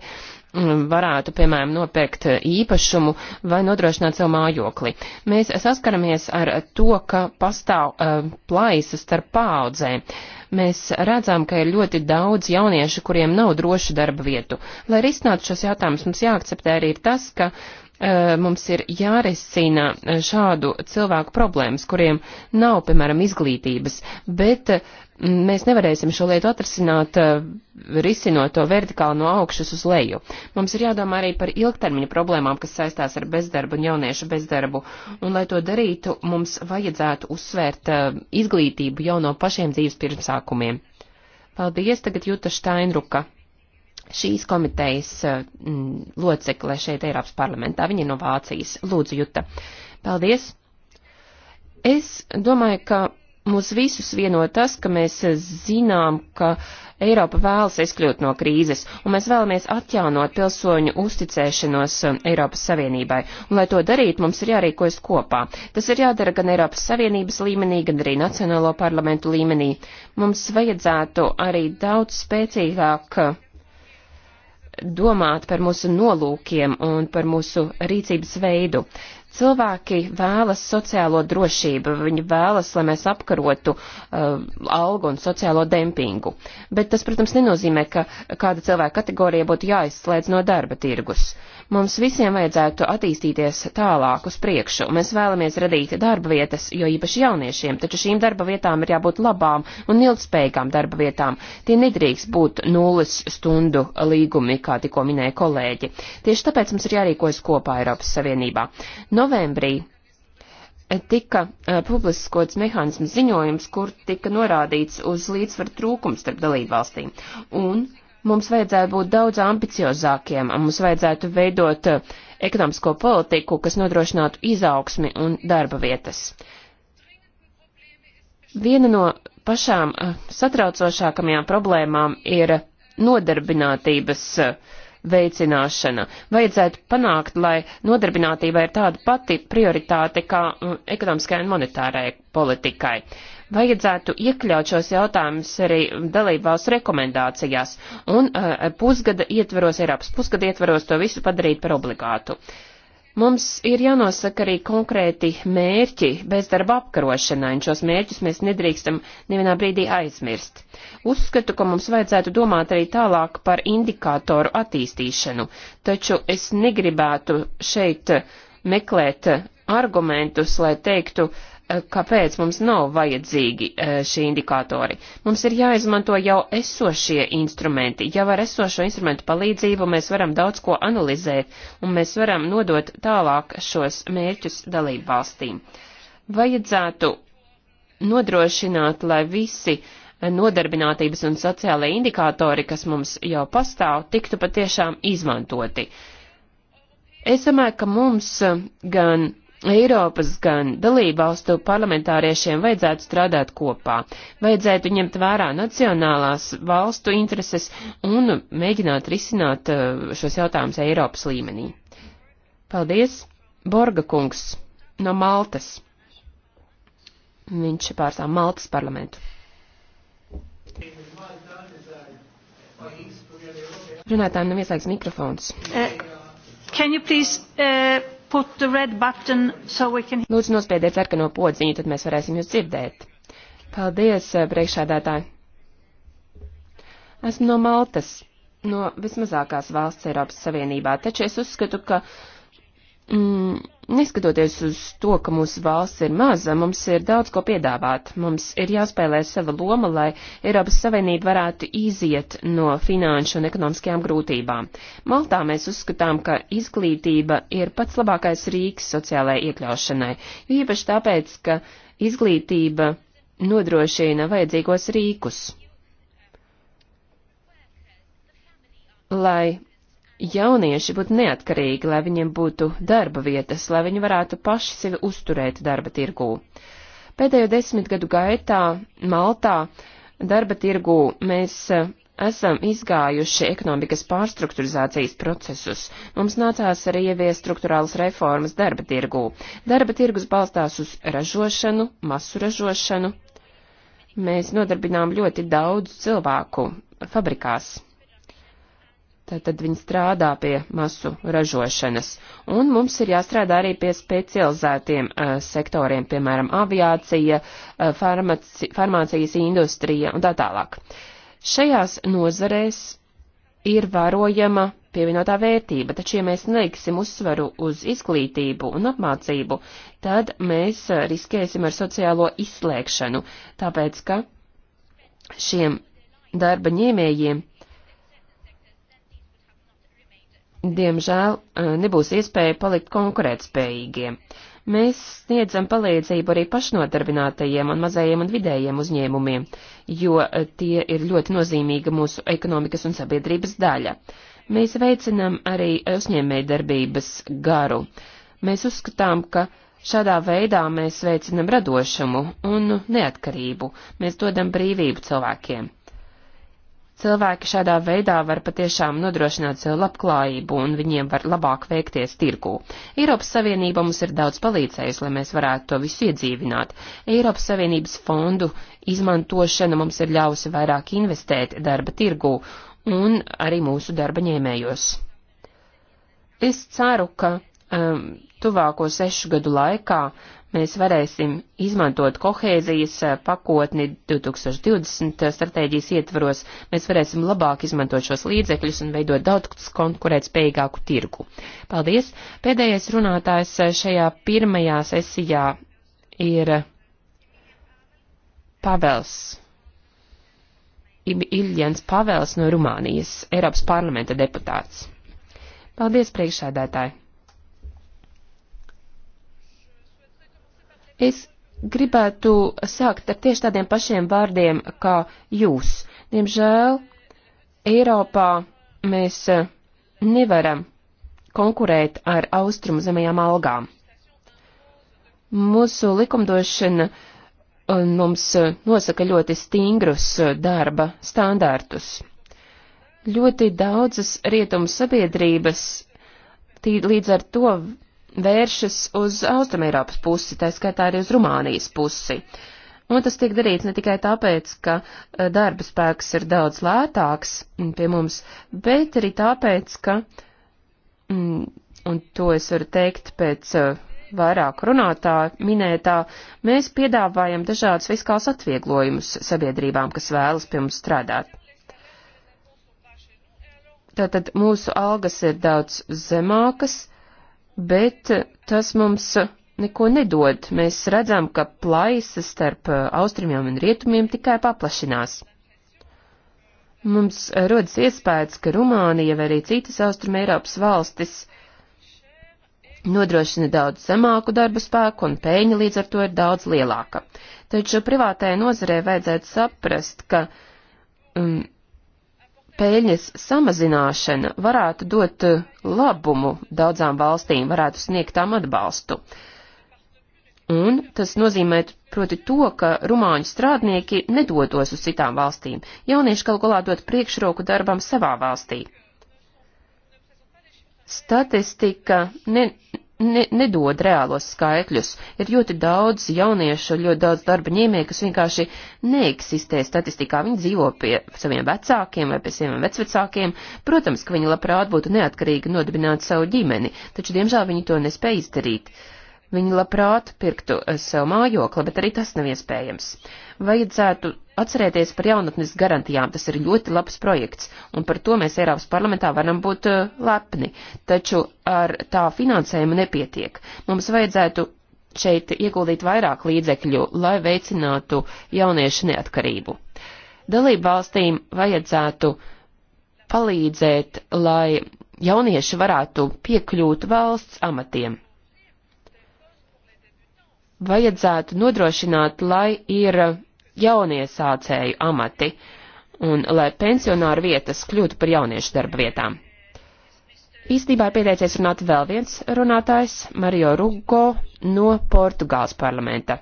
[SPEAKER 4] mm, varētu, piemēram, nopirkt īpašumu vai nodrošināt savu mājokli. Mēs saskaramies ar to, ka pastāv uh, plaisas starp paudzēm. Mēs redzam, ka ir ļoti daudz jauniešu, kuriem nav drošu darba vietu. Lai risinātu šos jautājumus, mums jāakceptē arī tas, ka uh, Eh, mums ir jārisina eh, šādu cilvēku problēmas, kuriem nav, piemēram, izglītības, bet eh, mēs nevarēsim šo lietu atrasināt, risinot to vertikāli no augšas uz leju. Mums ir jādomā arī par ilgtermiņa problēmām, kas saistās ar bezdarbu un jauniešu bezdarbu, un lai to darītu, mums vajadzētu uzsvērt izglītību jau no pašiem dzīves pirmsākumiem. Paldies, tagad Juta Štainruka šīs komitejas eh, locekle šeit Eiropas parlamentā. Viņa ir no Vācijas. Lūdzu, Juta. Paldies! Es domāju, ka mūs visus vieno tas, ka mēs zinām, ka Eiropa vēlas izkļūt no krīzes, un mēs vēlamies atjaunot pilsoņu uzticēšanos eh, Eiropas Savienībai. Un, lai to darītu, mums ir jārīkojas kopā. Tas ir jādara gan Eiropas Savienības līmenī, gan arī Nacionālo parlamentu līmenī. Mums vajadzētu arī daudz spēcīgāk domāt par mūsu nolūkiem un par mūsu rīcības veidu. Cilvēki vēlas sociālo drošību, viņi vēlas, lai mēs apkarotu uh, algu un sociālo dempingu. Bet tas, protams, nenozīmē, ka kāda cilvēka kategorija būtu jāizslēdz no darba tirgus. Uh, Mums visiem vajadzētu attīstīties tālāk uz priekšu. Mēs vēlamies radīt darba vietas, jo īpaši jauniešiem, taču šīm darba vietām ir jābūt labām un ilgspējīgām darba vietām. Tie nedrīkst būt nulles stundu līgumi, kā tikko minēja kolēģi. Tieši tāpēc mums ir jārīkojas kopā Eiropas Savienībā. Novembrī tika uh, publiskots mehānisms ziņojums, kur tika norādīts uz līdzsvaru trūkums starp dalībvalstīm. Un uh, Mums vajadzētu būt daudz ambiciozākiem, mums vajadzētu veidot eh, ekonomisko politiku, kas nodrošinātu izaugsmi un darba vietas. Viena no pašām eh, satraucošākajām problēmām ir nodarbinātības eh, veicināšana. Vajadzētu panākt, lai nodarbinātībai ir tāda pati prioritāte kā ekonomiskai un monetārai politikai. Uh, vajadzētu iekļaut šos jautājumus arī dalībvalstu rekomendācijās un eh, pusgada ietveros, Eiropas pusgada ietveros to visu padarīt par obligātu. Mums ir jānosaka arī konkrēti mērķi bezdarba apkarošanai, un šos mērķus mēs nedrīkstam nevienā brīdī aizmirst. Uzskatu, ka mums vajadzētu domāt arī tālāk par indikātoru attīstīšanu, taču es negribētu šeit meklēt argumentus, lai teiktu, uh, Eh, kāpēc mums nav vajadzīgi eh, šie indikātori. Mums ir jāizmanto jau esošie instrumenti. Jau ar esošo instrumentu palīdzību mēs varam daudz ko analizēt, un mēs varam nodot tālāk šos mērķus dalību valstīm. Vajadzētu nodrošināt, lai visi eh, nodarbinātības un sociālai indikātori, kas mums jau pastāv, tiktu patiešām izmantoti. Es domāju, ka mums gan Eiropas gan dalībvalstu parlamentāriešiem vajadzētu strādāt kopā, vajadzētu ņemt vērā nacionālās valstu intereses un mēģināt risināt eh, šos jautājumus Eiropas līmenī. Paldies, Borga kungs no Maltas. Viņš pārstāv Maltas parlamentu. Runātājiem nav ieslēgts mikrofons.
[SPEAKER 1] Uh, So can...
[SPEAKER 4] Lūdzu, nospiediet sarkano podziņu, tad mēs varēsim jūs dzirdēt. Paldies, eh, priekšādātāji. Esmu no Maltas, no vismazākās valsts Eiropas Savienībā, taču es uzskatu, ka mm, Neskatoties uz to, ka mūsu valsts ir maza, mums ir daudz ko piedāvāt. Mums ir jāspēlē sava loma, lai Eiropas Savienība varētu iziet no finanšu un ekonomiskajām grūtībām. Maltā mēs uzskatām, ka izglītība ir pats labākais rīks sociālajai iekļaušanai, jo īpaši tāpēc, ka izglītība nodrošina vajadzīgos rīkus. Lai jaunieši būtu neatkarīgi, lai viņiem būtu darba vietas, lai viņi varētu paši sevi uzturēt darba tirgū. Pēdējo desmit gadu gaitā Maltā darba tirgū mēs eh, esam izgājuši ekonomikas pārstrukturizācijas procesus. Mums nācās arī ievies struktūrālas reformas darba tirgū. Darba tirgus balstās uz ražošanu, masu ražošanu. Mēs nodarbinām ļoti daudz cilvēku fabrikās. Tātad viņi strādā pie masu ražošanas. Un mums ir jāstrādā arī pie specializētiem uh, sektoriem, piemēram, aviācija, uh, farmaci, farmācijas industrija un tā tālāk. Šajās nozarēs ir vērojama pievienotā vērtība, taču ja mēs neliksim uzsvaru uz izglītību un apmācību, tad mēs eh, riskēsim ar sociālo izslēgšanu, tāpēc ka šiem darba ņēmējiem diemžēl, nebūs iespēja palikt konkurētspējīgiem. Mēs sniedzam palīdzību arī pašnodarbinātajiem un mazajiem un vidējiem uzņēmumiem, jo tie ir ļoti nozīmīga mūsu ekonomikas un sabiedrības daļa. Mēs veicinam arī uzņēmējdarbības garu. Mēs uzskatām, ka šādā veidā mēs veicinam radošumu un neatkarību, mēs dodam brīvību cilvēkiem cilvēki šādā veidā var patiešām nodrošināt sev labklājību un viņiem var labāk veikties tirgū. Eiropas Savienība mums ir daudz palīdzējusi, lai mēs varētu to visu iedzīvināt. Eiropas Savienības fondu izmantošana mums ir ļausi vairāk investēt darba tirgū un arī mūsu darba ņēmējos. Es ceru, ka um, tuvāko sešu gadu laikā uh, mēs varēsim izmantot kohēzijas eh, pakotni 2020 eh, stratēģijas ietvaros, mēs varēsim labāk izmantot šos līdzekļus un veidot daudz konkurētspējīgāku tirgu. Paldies! Pēdējais runātājs eh, šajā pirmajā sesijā ir Pavels. Iljans Pavels no Rumānijas, Eiropas parlamenta deputāts. Paldies, priekšsēdētāji! Es gribētu sākt ar tieši tādiem pašiem vārdiem kā jūs. Diemžēl Eiropā mēs eh, nevaram konkurēt ar austrumu zemajām algām. Mūsu likumdošana eh, mums eh, nosaka ļoti stingrus darba standārtus. Ļoti daudzas rietumu sabiedrības tī, līdz ar to vēršas uz Austrumēropas pusi, tā skaitā arī uz Rumānijas pusi. Un tas tiek darīts ne tikai tāpēc, ka e, darba spēks ir daudz lētāks pie mums, bet arī tāpēc, ka, mm, un to es varu teikt pēc e, vairāk runātā minētā, mēs piedāvājam dažādus fiskāls atvieglojumus sabiedrībām, kas vēlas pie mums strādāt. Tātad mūsu algas ir daudz zemākas, bet tas mums neko nedod. Mēs redzam, ka plaisa starp uh, austrumiem un rietumiem tikai paplašinās. Mums rodas iespējas, ka Rumānija vai arī citas austruma Eiropas valstis nodrošina daudz zemāku darba spēku un pēļņa līdz ar to ir daudz lielāka. Taču privātajai nozarei vajadzētu saprast, ka um, peļņas samazināšana varētu dot eh, labumu daudzām valstīm, varētu sniegt tām atbalstu. Un tas nozīmē proti to, ka rumāņu strādnieki nedotos uz citām valstīm. Jaunieši galu galā dot priekšroku darbam savā valstī. Statistika ne, ne, nedod reālos skaitļus. Ir ļoti daudz jauniešu, ļoti daudz darba ņēmēju, kas vienkārši neeksistē statistikā. Viņi dzīvo pie saviem vecākiem vai pie saviem vecvecākiem. Protams, ka viņi labprāt būtu neatkarīgi nodibināt savu ģimeni, taču, diemžēl, viņi to nespēja izdarīt. Uh, Viņi labprāt pirktu eh, sev mājokli, bet arī tas nav iespējams. Vajadzētu atcerēties par jaunatnes garantijām, tas ir ļoti labs projekts, un par to mēs Eiropas parlamentā varam būt eh, lepni, taču ar tā finansējumu nepietiek. Mums vajadzētu šeit ieguldīt vairāk līdzekļu, lai veicinātu jauniešu neatkarību. Dalību valstīm vajadzētu palīdzēt, lai jaunieši varētu piekļūt valsts amatiem vajadzētu nodrošināt, lai ir jauniesācēju amati un lai pensionāru vietas kļūtu par jauniešu darba vietām. Īstībā ir pieteicies runāt vēl viens runātājs, Mario Rugo no Portugāles parlamenta.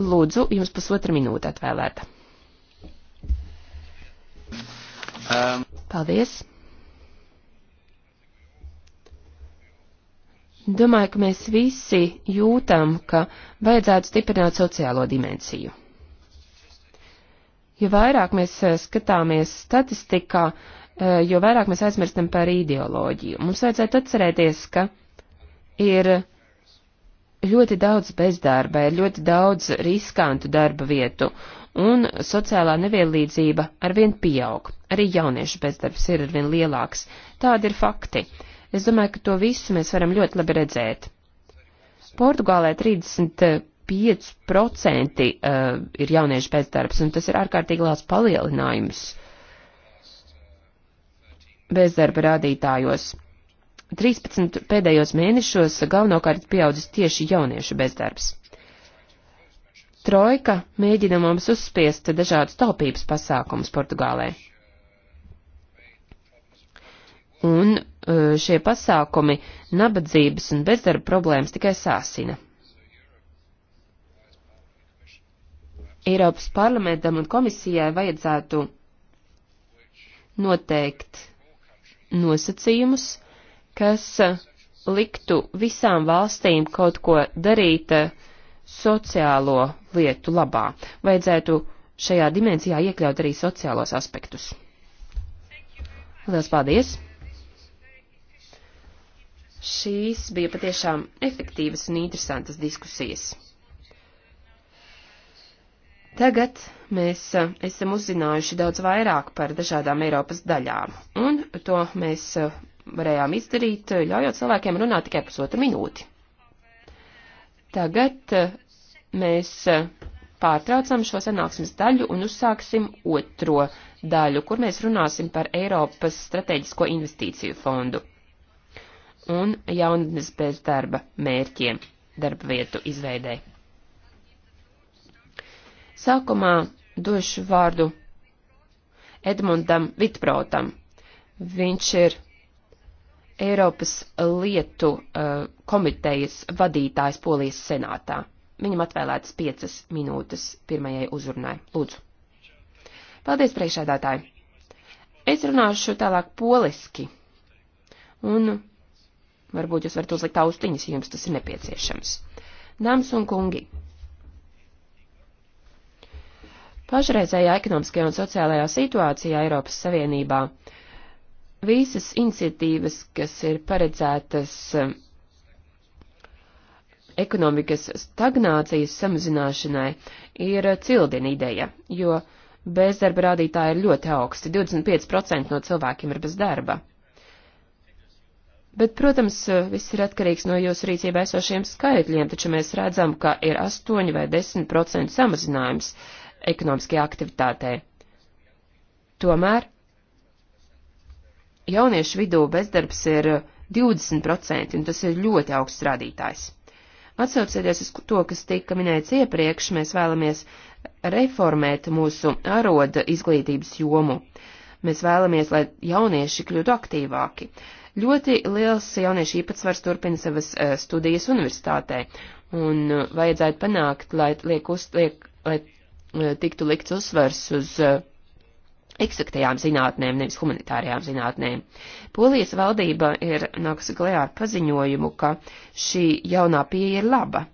[SPEAKER 4] Lūdzu, jums pusotra minūte atvēlēta. Um. Paldies! Domāju, ka mēs visi jūtam, ka vajadzētu stiprināt sociālo dimensiju. Jo vairāk mēs eh, skatāmies statistikā, eh, jo vairāk mēs aizmirstam par ideoloģiju. Mums vajadzētu atcerēties, ka ir ļoti daudz bezdarba, ir ļoti daudz riskantu darba vietu, un sociālā nevienlīdzība arvien pieaug. Arī jauniešu bezdarbs ir arvien lielāks. Tādi ir fakti. Uh, Es domāju, ka to visu mēs varam ļoti labi redzēt. Portugālē 35% uh, ir jauniešu bezdarbs, un tas ir ārkārtīgi liels palielinājums bezdarba rādītājos. 13 pēdējos mēnešos galvenokārt pieaudzis tieši jauniešu bezdarbs. Trojka mēģina mums uzspiest dažādus taupības pasākumus Portugālē un e, šie pasākumi nabadzības un bezdarba problēmas tikai sāsina. Eiropas parlamentam un komisijai vajadzētu noteikt nosacījumus, kas liktu visām valstīm kaut ko darīt sociālo lietu labā. Vajadzētu šajā dimensijā iekļaut arī sociālos aspektus. Lielas paldies! Šīs bija patiešām efektīvas un interesantas diskusijas. Tagad mēs esam uzzinājuši daudz vairāk par dažādām Eiropas daļām, un to mēs varējām izdarīt, ļaujot cilvēkiem runāt tikai pusotru minūti. Tagad mēs pārtraucam šo sanāksmes daļu un uzsāksim otro daļu, kur mēs runāsim par Eiropas strateģisko investīciju fondu un jaunatnes bez darba mērķiem darba vietu izveidē. Sākumā došu vārdu Edmundam Vitprotam. Viņš ir Eiropas lietu uh, komitejas vadītājs Polijas senātā. Viņam atvēlētas piecas minūtes pirmajai uzrunai. Lūdzu. Paldies, priekšēdātāji! Es runāšu tālāk poliski, un Varbūt jūs varat uzlikt austiņas, ja jums tas ir nepieciešams. Dāmas un kungi! Pašreizējā ekonomiskajā un sociālajā situācijā Eiropas Savienībā visas iniciatīvas, kas ir paredzētas um, ekonomikas stagnācijas samazināšanai, ir cildina ideja, jo bezdarba rādītāji ir ļoti augsti - 25% no cilvēkiem ir bez darba. Bet, protams, viss ir atkarīgs no jūsu rīcībā esošiem skaitļiem, taču mēs redzam, ka ir 8 vai 10 procentu samazinājums ekonomiskajā aktivitātē. Tomēr jauniešu vidū bezdarbs ir 20 procenti, un tas ir ļoti augsts rādītājs. Atsaucieties uz to, kas tika minēts iepriekš, mēs vēlamies reformēt mūsu aroda izglītības jomu. Mēs vēlamies, lai jaunieši kļūtu aktīvāki. Uh, Ļoti liels jauniešu īpatsvars turpina savas eh, studijas universitātē, un eh, vajadzētu panākt, lai, liek uz, liek, lai eh, tiktu likts uzsvars uz eksaktajām zinātnēm, nevis humanitārajām zinātnēm. Polijas valdība ir nākusi klajā ar paziņojumu, ka šī jaunā pieeja ir laba.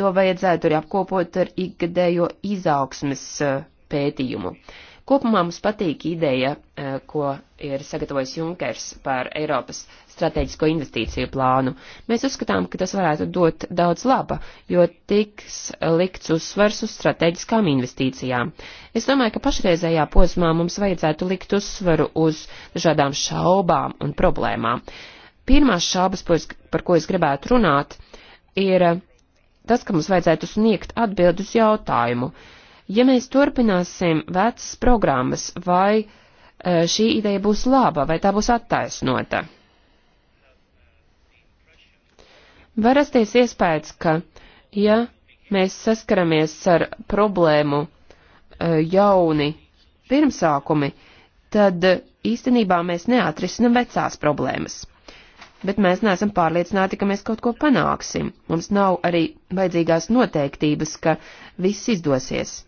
[SPEAKER 4] To vajadzētu arī apkopot ar ikgadējo izaugsmes pētījumu. Uh, Kopumā mums patīk ideja, eh, ko ir sagatavojis Junkers par Eiropas strateģisko investīciju plānu. Mēs uzskatām, ka tas varētu dot daudz laba, jo tiks likts uzsvers uz strateģiskām investīcijām. Es domāju, ka pašreizējā posmā mums vajadzētu likt uzsvaru uz dažādām šaubām un problēmām. Pirmās šaubas, par ko es gribētu runāt, ir tas, ka mums vajadzētu sniegt atbildus jautājumu. Uh, Ja mēs turpināsim vecas programmas, vai e, šī ideja būs laba, vai tā būs attaisnota? Var rasties iespējas, ka, ja mēs saskaramies ar problēmu e, jauni pirmsākumi, tad īstenībā mēs neatrisinam vecās problēmas. Bet mēs neesam pārliecināti, ka mēs kaut ko panāksim. Mums nav arī vajadzīgās noteiktības, ka viss izdosies.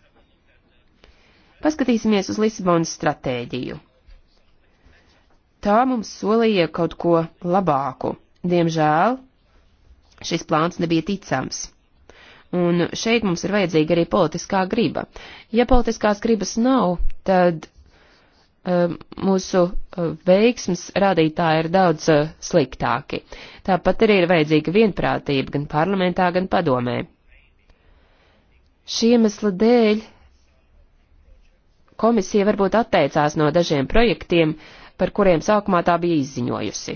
[SPEAKER 4] Paskatīsimies uz Lisabonas stratēģiju. Tā mums solīja kaut ko labāku. Diemžēl šis plāns nebija ticams. Un šeit mums ir vajadzīga arī politiskā griba. Ja politiskās gribas nav, tad um, mūsu eh, veiksmes rādītāji ir daudz uh, sliktāki. Tāpat arī ir vajadzīga vienprātība gan parlamentā, gan padomē. Šī iemesla dēļ komisija varbūt atteicās no dažiem projektiem, par kuriem sākumā tā bija izziņojusi.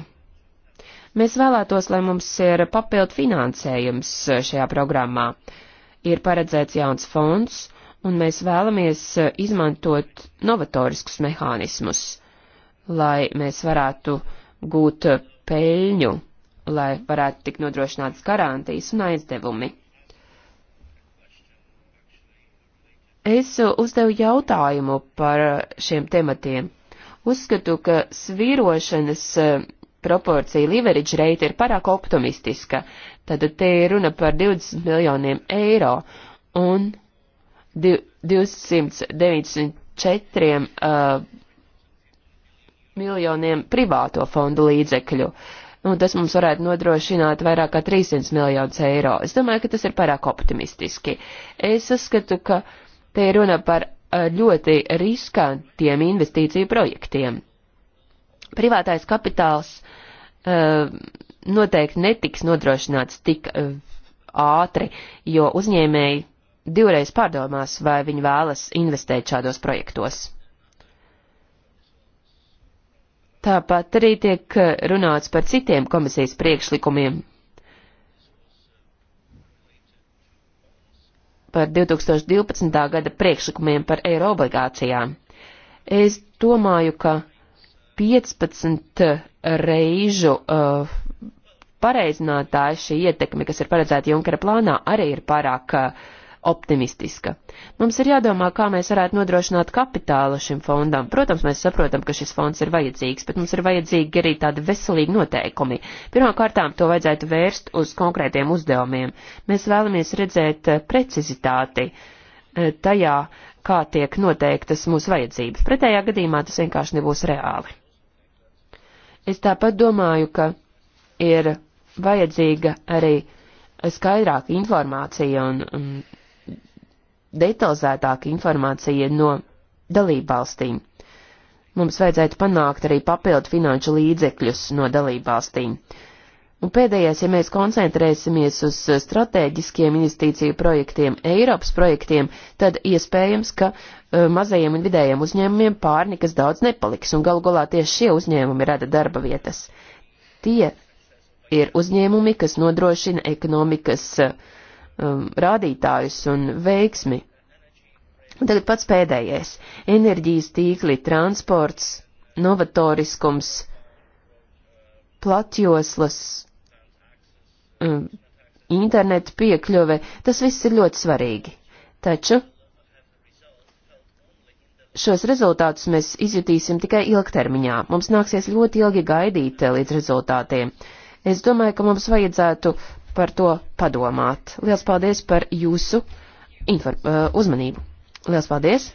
[SPEAKER 4] Mēs vēlētos, lai mums ir papildu finansējums šajā programmā. Ir paredzēts jauns fonds, un mēs vēlamies izmantot novatoriskus mehānismus, lai mēs varētu gūt peļņu, lai varētu tik nodrošinātas garantijas un aizdevumi. Es uh, uzdevu jautājumu par uh, šiem tematiem. Uzskatu, ka svīrošanas uh, proporcija leverage rate ir pārāk optimistiska. Tātad te ir runa par 20 miljoniem eiro un 294 uh, miljoniem privāto fondu līdzekļu. Un tas mums varētu nodrošināt vairāk kā 300 miljonus eiro. Es domāju, ka tas ir pārāk optimistiski. Es uzskatu, ka uh, Te ir runa par ļoti riskantiem investīciju projektiem. Privātais kapitāls uh, noteikti netiks nodrošināts tik uh, ātri, jo uzņēmēji divreiz pārdomās, vai viņi vēlas investēt šādos projektos. Tāpat arī tiek runāts par citiem komisijas priekšlikumiem, par 2012. gada priekšlikumiem par eiro obligācijām. Es domāju, ka 15 reižu uh, pareizinātāja šī ietekme, kas ir paredzēta Junkara plānā, arī ir pārāk uh, optimistiska. Mums ir jādomā, kā mēs varētu nodrošināt kapitālu šim fondam. Protams, mēs saprotam, ka šis fonds ir vajadzīgs, bet mums ir vajadzīgi arī tādi veselīgi noteikumi. Pirmkārtām to vajadzētu vērst uz konkrētiem uzdevumiem. Mēs vēlamies redzēt eh, precizitāti eh, tajā, kā tiek noteiktas mūsu vajadzības. Pretējā gadījumā tas vienkārši nebūs reāli. Es tāpat domāju, ka ir vajadzīga arī skaidrāka informācija un, un detalizētāka informācija no dalībvalstīm. Mums vajadzētu panākt arī papildu finanšu līdzekļus no dalībvalstīm. Un pēdējais, ja mēs koncentrēsimies uz strateģiskiem investīciju projektiem, Eiropas projektiem, tad iespējams, ka uh, mazajiem un vidējiem uzņēmumiem pārnikas daudz nepaliks, un galu galā tieši šie uzņēmumi rada darba vietas. Tie ir uzņēmumi, kas nodrošina ekonomikas uh, um, rādītājus un veiksmi. Tagad pats pēdējais - enerģijas tīkli, transports, novatoriskums, platjoslas, um, interneta piekļuve, tas viss ir ļoti svarīgi. Taču šos rezultātus mēs izjutīsim tikai ilgtermiņā. Mums nāksies ļoti ilgi gaidīt eh, līdz rezultātiem. Es domāju, ka mums vajadzētu par to padomāt. Liels paldies par jūsu uh, uzmanību. Liels paldies!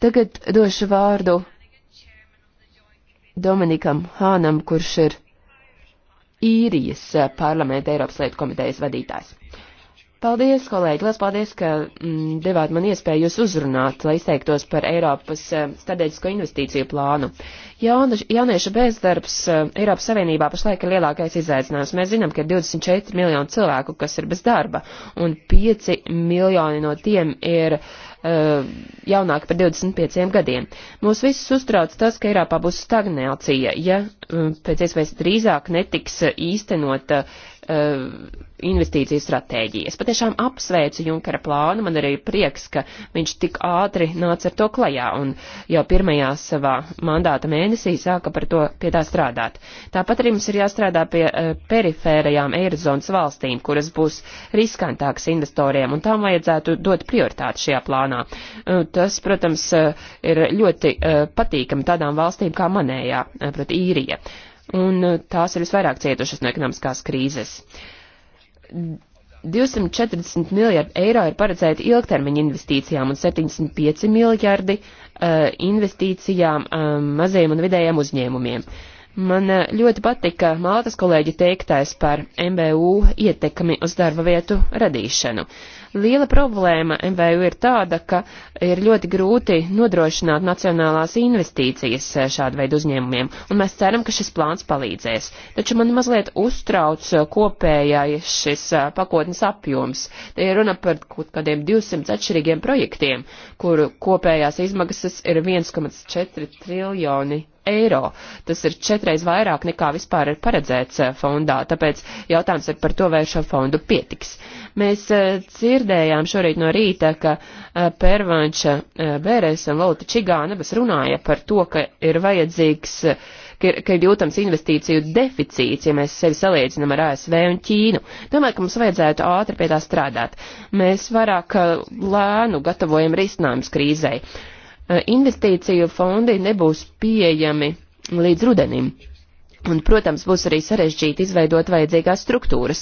[SPEAKER 4] Tagad došu vārdu Dominikam Hānam, kurš ir īrijas uh, parlamenta Eiropas lietu komitejas vadītājs. Paldies, kolēģi! Lielas paldies, ka mm, devāt man iespēju jūs uzrunāt, lai izteiktos par Eiropas eh, strateģisko investīciju plānu. Jaunaš, jauniešu bezdarbs eh, Eiropas Savienībā pašlaik ir lielākais izaicinājums. Mēs zinām, ka ir 24 miljoni cilvēku, kas ir bez darba, un 5 miljoni no tiem ir uh, jaunāki par 25 gadiem. Mūs visus uztrauc tas, ka Eiropā būs stagnācija, ja um, pēc iespējas drīzāk netiks īstenota uh, Eh, investīciju stratēģiju. Es patiešām apsveicu Junkara plānu, man arī prieks, ka viņš tik ātri nāca ar to klajā un jau pirmajā savā mandāta mēnesī sāka par to pie tā strādāt. Tāpat arī mums ir jāstrādā pie uh, perifērajām Eirozonas valstīm, kuras būs riskantākas investoriem, un tām vajadzētu dot prioritāti šajā plānā. Uh, tas, protams, uh, ir ļoti patīkami tādām valstīm kā manējā, proti īrija un eh, tās ir visvairāk cietušas no ekonomiskās krīzes. 240 miljardi eiro ir paredzēti ilgtermiņa investīcijām un 75 miljardi uh, investīcijām um, mazajiem un vidējiem uzņēmumiem. Man uh, ļoti patika Maltas kolēģi teiktais par MBU ietekmi uz darba vietu radīšanu. Uh, Liela problēma MVU ir tāda, ka ir ļoti grūti nodrošināt nacionālās investīcijas eh, šādu veidu uzņēmumiem, un mēs ceram, ka šis plāns palīdzēs. Taču man mazliet uztrauc eh, kopējais šis eh, pakotnes apjoms. Te ir runa par kaut kādiem 200 atšķirīgiem projektiem, kuru kopējās izmaksas ir 1,4 triljoni eiro. Tas ir četreiz vairāk nekā vispār ir paredzēts eh, fondā, tāpēc jautājums ir par to, vai šo fondu pietiks. Mēs eh, dzirdējām šorīt no rīta, ka eh, Pervanča Bērēs un Lauta Čigāna abas runāja par to, ka ir vajadzīgs, ka ir, ka ir jūtams investīciju deficīts, ja mēs sevi salīdzinām ar ASV un Ķīnu. Domāju, ka mums vajadzētu ātri pie tā strādāt. Mēs vairāk lēnu gatavojam risinājums krīzei. Eh, investīciju fondi nebūs pieejami līdz rudenim. Un, protams, būs arī sarežģīti izveidot vajadzīgās struktūras.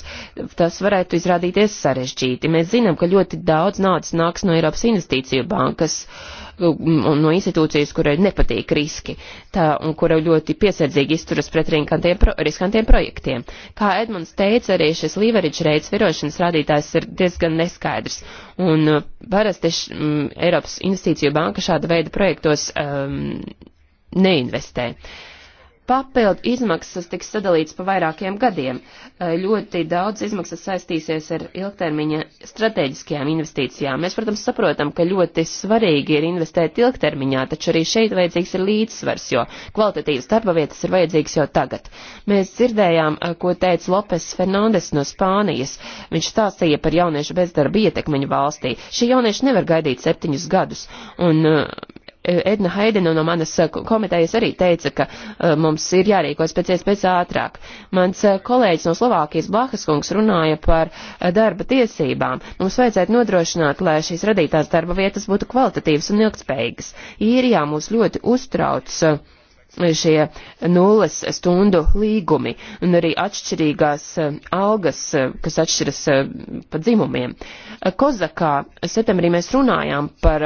[SPEAKER 4] Tas varētu izrādīties sarežģīti. Mēs zinām, ka ļoti daudz naudas nāks no Eiropas investīciju bankas. Uh, no institūcijas, kurai nepatīk riski tā, un kura ļoti piesardzīgi izturas pret pro, riskantiem projektiem. Kā Edmunds teica, arī šis līveriģis reits virošanas rādītājs ir diezgan neskaidrs, un uh, parasti um, Eiropas investīciju banka šāda veida projektos um, neinvestē. Uh, Papildu izmaksas tiks sadalīts pa vairākiem gadiem. Eh, ļoti daudz izmaksas saistīsies ar ilgtermiņa strateģiskajām investīcijām. Mēs, protams, saprotam, ka ļoti svarīgi ir investēt ilgtermiņā, taču arī šeit vajadzīgs ir līdzsvars, jo kvalitatīvas darba vietas ir vajadzīgs jau tagad. Mēs dzirdējām, eh, ko teica Lopes Fernandes no Spānijas. Viņš stāstīja par jauniešu bezdarba ietekmiņu valstī. Šie jaunieši nevar gaidīt septiņus gadus, un eh, Edna Haidena no manas eh, komitejas arī teica, ka uh, mums ir jārīkojas pēc iespējas ātrāk. Mans uh, kolēģis no Slovākijas Bahaskungs runāja par uh, darba tiesībām. Mums vajadzētu nodrošināt, lai šīs radītās darba vietas būtu kvalitatīvas un ilgspējīgas. Īrijā mūs ļoti uztrauc uh, šie nulles stundu līgumi un arī atšķirīgās eh, algas, eh, kas atšķiras eh, pa dzimumiem. Kozakā septembrī mēs runājām par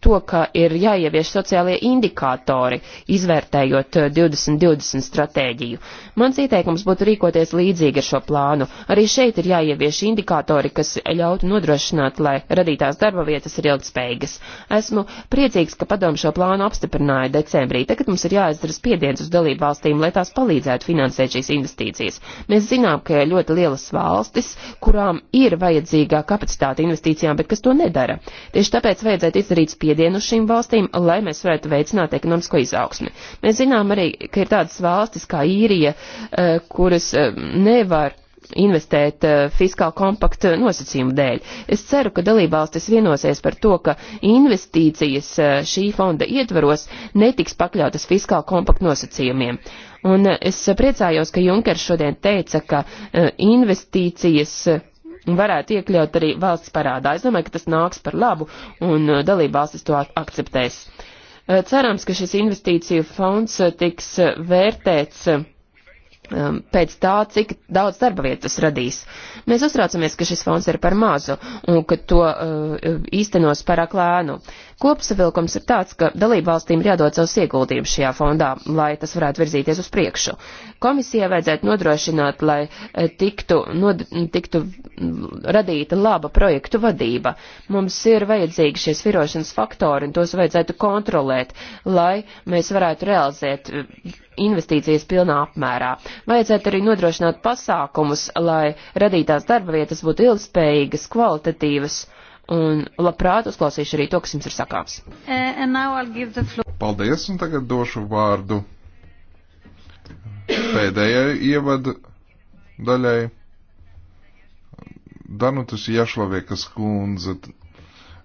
[SPEAKER 4] to, ka ir jāievieš sociālie indikātori, izvērtējot 2020 stratēģiju. Mans ieteikums būtu rīkoties līdzīgi ar šo plānu. Arī šeit ir jāievieš indikātori, kas ļautu nodrošināt, lai radītās darba vietas ir ilgspējīgas. Esmu priecīgs, ka padomu šo plānu apstiprināja decembrī. Tagad mums ir jāizdara jādara spiediens uz dalību valstīm, lai tās palīdzētu finansēt šīs investīcijas. Mēs zinām, ka ir ļoti lielas valstis, kurām ir vajadzīgā kapacitāte investīcijām, bet kas to nedara. Tieši tāpēc vajadzētu izdarīt spiedienu uz šīm valstīm, lai mēs varētu veicināt ekonomisko izaugsmi. Mēs zinām arī, ka ir tādas valstis kā īrija, eh, kuras eh, nevar investēt eh, fiskāla kompakta nosacījumu dēļ. Es ceru, ka dalībvalstis vienosies par to, ka investīcijas eh, šī fonda ietvaros netiks pakļautas fiskāla kompakta nosacījumiem. Un eh, es priecājos, ka Junkers šodien teica, ka investīcijas varētu iekļaut arī valsts parādā. Es domāju, ka tas nāks par labu un dalībvalstis to akceptēs. Cerams, ka šis investīciju fonds tiks vērtēts Um, pēc tā, cik daudz darba vietas radīs. Mēs uztraucamies, ka šis fonds ir par mazu un ka to uh, īstenos par aklēnu. Uh, Kopsavilkums ir tāds, ka dalībvalstīm ir jādod savus ieguldījumus šajā fondā, lai tas varētu virzīties uz priekšu. Komisijai vajadzētu nodrošināt, lai eh, tiktu, nod, tiktu radīta laba projektu vadība. Mums ir vajadzīgi šie svirošanas faktori, un tos vajadzētu kontrolēt, lai mēs varētu realizēt eh, investīcijas pilnā apmērā. Vajadzētu arī nodrošināt pasākumus, lai radītās darba vietas būtu ilgspējīgas, kvalitatīvas un labprāt uzklausīšu arī to, kas jums ir sakāms.
[SPEAKER 1] Eh,
[SPEAKER 2] Paldies, un tagad došu vārdu pēdējai ievada daļai. Danutas Jašlaviekas kundze,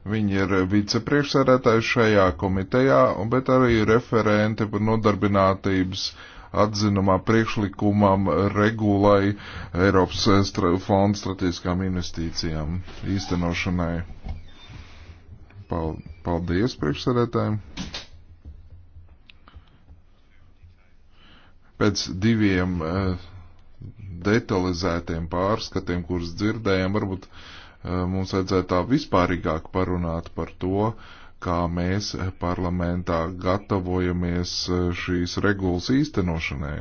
[SPEAKER 2] viņa ir vicepriekšsēdētāja šajā komitejā, bet arī referente par nodarbinātības uh, atzinumā priekšlikumam regulai Eiropas stra fonda strateģiskām investīcijām īstenošanai. Paldies priekšsēdētājiem! Pēc diviem uh, detalizētiem pārskatiem, kurus dzirdējām, varbūt uh, mums vajadzētu tā vispārīgāk parunāt par to, uh, kā mēs parlamentā gatavojamies e, šīs regulas īstenošanai.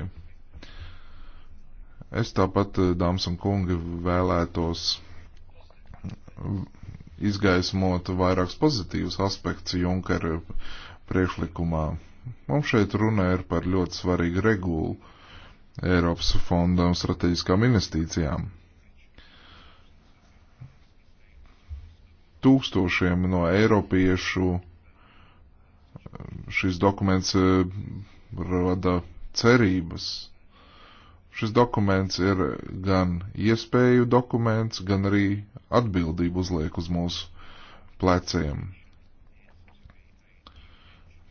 [SPEAKER 2] Es tāpat, e, dāmas un kungi, vēlētos izgaismot vairākus pozitīvus aspektus Junkera priekšlikumā. Mums šeit runa ir par ļoti svarīgu regulu Eiropas fondam strateģiskām investīcijām. tūkstošiem no eiropiešu šis dokuments e, rada cerības. Šis dokuments ir gan iespēju dokuments, gan arī atbildību uzliek uz mūsu pleciem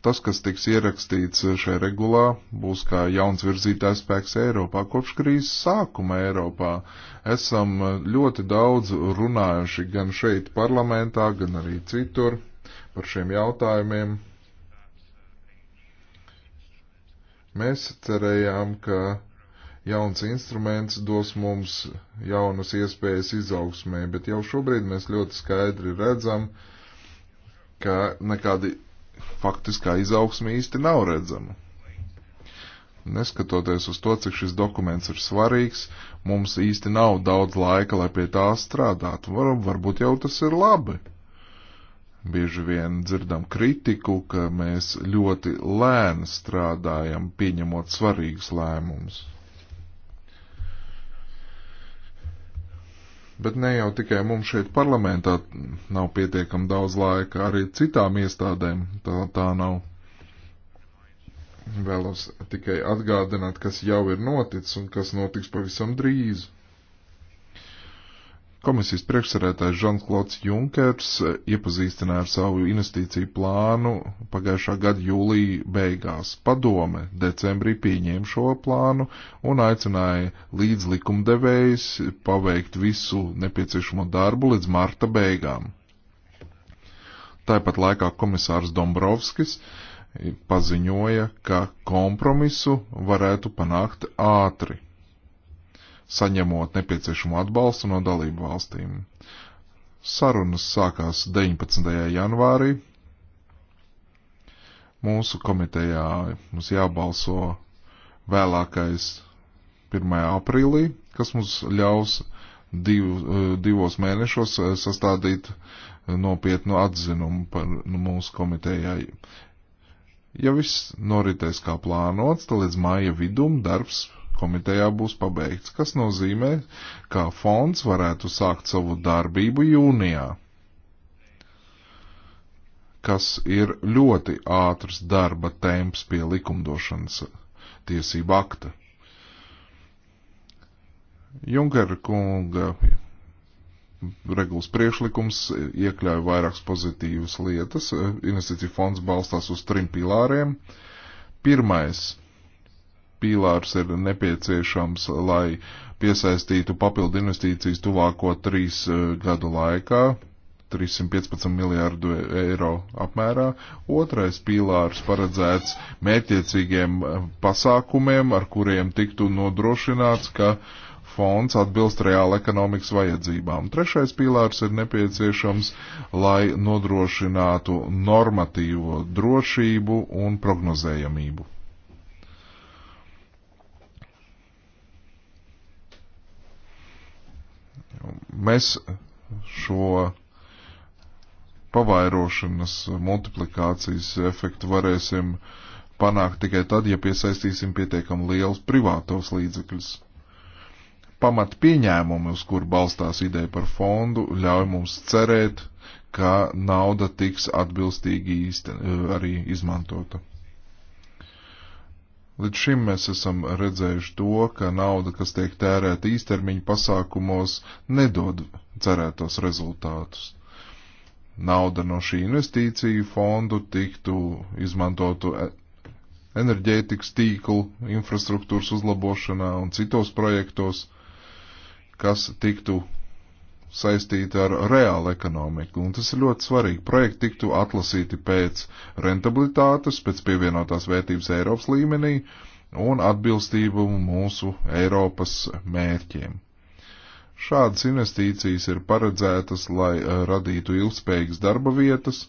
[SPEAKER 2] tas, kas tiks ierakstīts šajā regulā, būs kā jauns virzītājs spēks Eiropā. Kopš krīzes sākuma Eiropā esam ļoti daudz runājuši gan šeit parlamentā, gan arī citur par šiem jautājumiem. Mēs cerējām, ka jauns instruments dos mums jaunas iespējas izaugsmē, bet jau šobrīd mēs ļoti skaidri redzam, ka nekādi faktiskā izaugsme īsti nav redzama. Neskatoties uz to, cik šis dokuments ir svarīgs, mums īsti nav daudz laika, lai pie tā strādātu. Var, varbūt jau tas ir labi. Bieži vien dzirdam kritiku, ka mēs ļoti lēni strādājam, pieņemot svarīgus lēmumus. Bet ne jau tikai mums šeit parlamentā nav pietiekam daudz laika, arī citām iestādēm tā, tā nav. Vēlos tikai atgādināt, kas jau ir noticis un kas notiks pavisam drīz. Komisijas priekšsarētājs Žanklots Junkers eh, iepazīstināja ar savu investīciju plānu pagājušā gada jūlija beigās. Padome decembrī pieņēma šo plānu un aicināja līdz likumdevējs paveikt visu nepieciešamo darbu līdz marta beigām. Tāpat laikā komisārs Dombrovskis eh, paziņoja, ka kompromisu varētu panākt ātri saņemot nepieciešamo atbalstu no dalību valstīm. Sarunas sākās 19. janvārī. Mūsu komitejā mums jābalso vēlākais 1. aprīlī, kas mums ļaus div, eh, divos mēnešos eh, sastādīt nopietnu atzinumu par nu, mūsu komitejai. Ja viss noritēs kā plānots, tad līdz māja vidum darbs komitejā būs pabeigts, kas nozīmē, ka fonds varētu sākt savu darbību jūnijā, kas ir ļoti ātrs darba temps pie likumdošanas tiesība akta. Junkera kunga regulas priekšlikums iekļauj vairākas pozitīvas lietas. Investīcija fonds balstās uz trim pilāriem. Pirmais pīlārs ir nepieciešams, lai piesaistītu papildu investīcijas tuvāko trīs eh, gadu laikā. 315 miljārdu e, eiro apmērā. Otrais pīlārs paredzēts mērķiecīgiem eh, pasākumiem, ar kuriem tiktu nodrošināts, ka fonds atbilst reāla ekonomikas vajadzībām. Trešais pīlārs ir nepieciešams, lai nodrošinātu normatīvo drošību un prognozējamību. Mēs šo pavairošanas multiplikācijas efektu varēsim panākt tikai tad, ja piesaistīsim pietiekam liels privātos līdzekļus. Pamat pieņēmumi, uz kur balstās ideja par fondu, ļauj mums cerēt, ka nauda tiks atbilstīgi īsti, eh, arī izmantota. Līdz šim mēs esam redzējuši to, ka nauda, kas tiek tērēta īstermiņa pasākumos, nedod cerētos rezultātus. Nauda no šī investīciju fondu tiktu izmantotu e- enerģētikas tīklu, infrastruktūras uzlabošanā un citos projektos, kas tiktu saistīta ar reālu ekonomiku, un tas ir ļoti svarīgi. Projekti tiktu atlasīti pēc rentabilitātes, pēc pievienotās vērtības Eiropas līmenī un atbilstību mūsu Eiropas mērķiem. Šādas investīcijas ir paredzētas, lai eh, radītu ilgspējīgas darba vietas,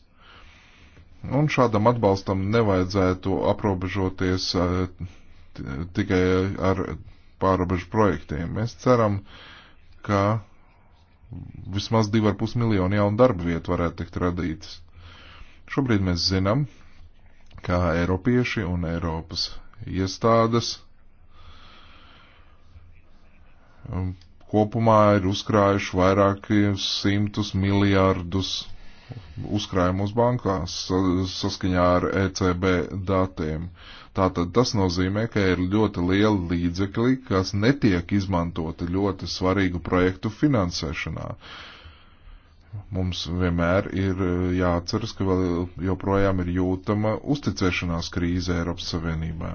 [SPEAKER 2] un šādam atbalstam nevajadzētu aprobežoties eh, tikai ar pārobežu projektiem. Mēs ceram, ka vismaz 2,5 miljonu jaunu darba vietu varētu tikt radītas. Šobrīd mēs zinām, kā Eiropieši un Eiropas iestādes um, kopumā ir uzkrājuši vairāki simtus miljārdus uzkrājumus bankās saskaņā ar ECB datiem. Tātad tas nozīmē, ka ir ļoti liela līdzekļi, kas netiek izmantoti ļoti svarīgu projektu finansēšanā. Mums vienmēr ir e, jāatceras, ka vēl joprojām ir jūtama uzticēšanās krīze Eiropas Savienībā.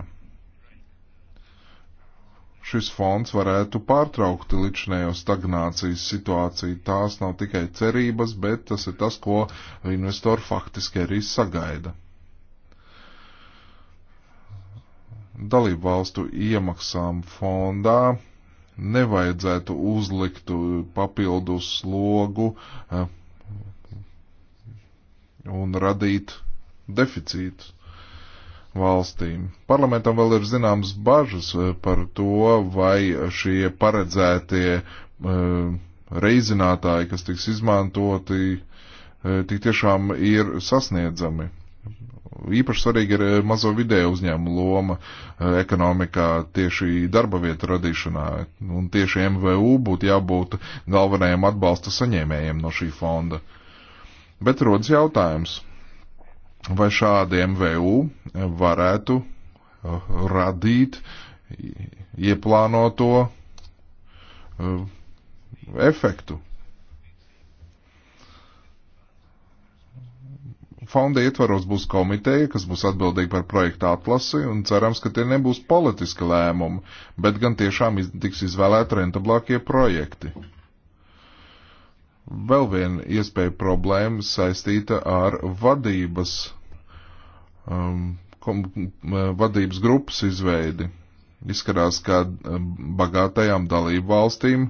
[SPEAKER 2] Šis fonds varētu pārtraukt līdzinējo stagnācijas situāciju. Tās nav tikai cerības, bet tas ir tas, ko investori faktiski arī sagaida. dalību valstu iemaksām fondā nevajadzētu uzlikt uh, papildus slogu uh, un radīt deficītu valstīm. Parlamentam vēl ir zināms bažas uh, par to, vai šie paredzētie reizinātāji, kas tiks izmantoti, tik tiešām ir sasniedzami. Īpaši svarīgi ir eh, mazo vidēju uzņēmumu loma eh, ekonomikā tieši darba vietu radīšanā. Un tieši MVU būtu jābūt galvenajiem atbalsta saņēmējiem no šī fonda. Bet rodas jautājums, vai šādi MVU varētu eh, radīt ieplānoto efektu fonda ietvaros būs komiteja, kas būs atbildīga par projektu atlasi, un cerams, ka tie nebūs politiski lēmumi, bet gan tiešām tiks izvēlēti rentablākie projekti. Vēl viena iespēja problēma saistīta ar vadības, um, kom, vadības grupas izveidi. Izskatās, ka um, bagātajām dalību valstīm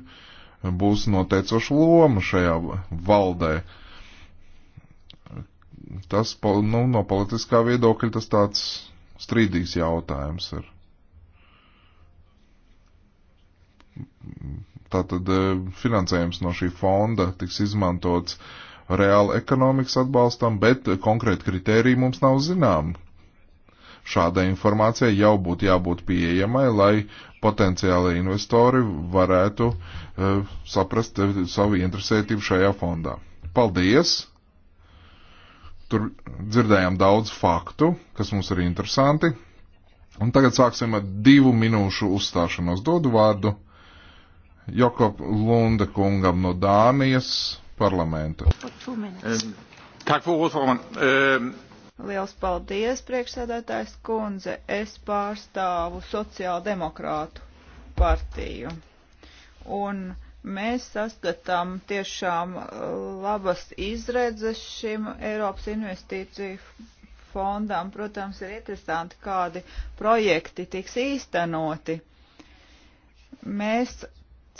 [SPEAKER 2] būs noteicoša loma šajā valdē tas nu, no politiskā viedokļa tas tāds strīdīgs jautājums ir. Tātad e, finansējums no šī fonda tiks izmantots reāli ekonomikas atbalstam, bet konkrēti kriteriji mums nav zinām. Šādai informācijai jau būtu jābūt pieejamai, lai potenciāli investori varētu uh, saprast uh, savu interesētību šajā fondā. Paldies! Tur dzirdējām daudz faktu, kas mums ir interesanti. Un tagad sāksim ar divu minūšu uzstāšanos. Dodu vārdu Jokop Lunde kungam no Dānijas parlamenta. Tak for ordet, formand.
[SPEAKER 3] Liels paldies, priekšsēdētājs kundze. Es pārstāvu sociāldemokrātu partiju. Un uh, Mēs saskatām tiešām uh, labas izredzes šim Eiropas investīciju fondām. Protams, ir interesanti, kādi projekti tiks īstenoti. Mēs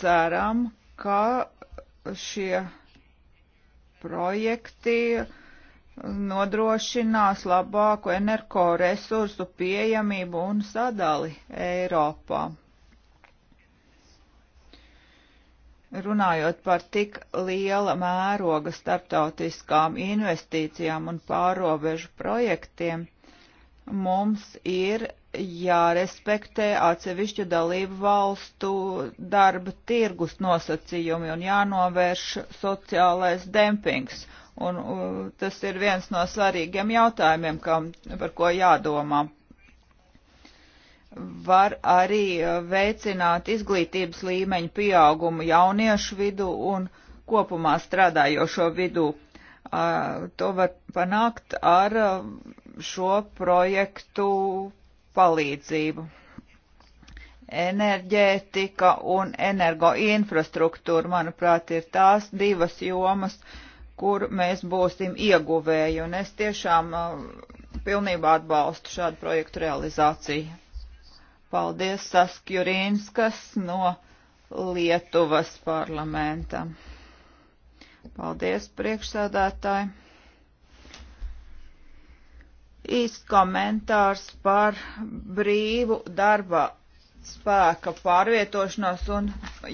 [SPEAKER 3] ceram, ka šie projekti nodrošinās labāku energo resursu pieejamību un sadali Eiropā. runājot par tik liela mēroga starptautiskām investīcijām un pārobežu projektiem, mums ir jārespektē atsevišķu dalību valstu darba tirgus nosacījumi un jānovērš sociālais dempings. Un, un uh, tas ir viens no svarīgiem jautājumiem, kam, par ko jādomā var arī eh, veicināt izglītības līmeņu pieaugumu jauniešu vidu un kopumā strādājošo vidu. Ah, to var panākt ar eh, šo projektu palīdzību. Enerģētika un energoinfrastruktūra, manuprāt, ir tās divas jomas, kur mēs būsim ieguvēji, un es tiešām eh, pilnībā atbalstu šādu projektu realizāciju. Paldies Saskjurīnskas no Lietuvas parlamenta. Paldies priekšsādātāji. Īsts komentārs par brīvu darba spēka pārvietošanos un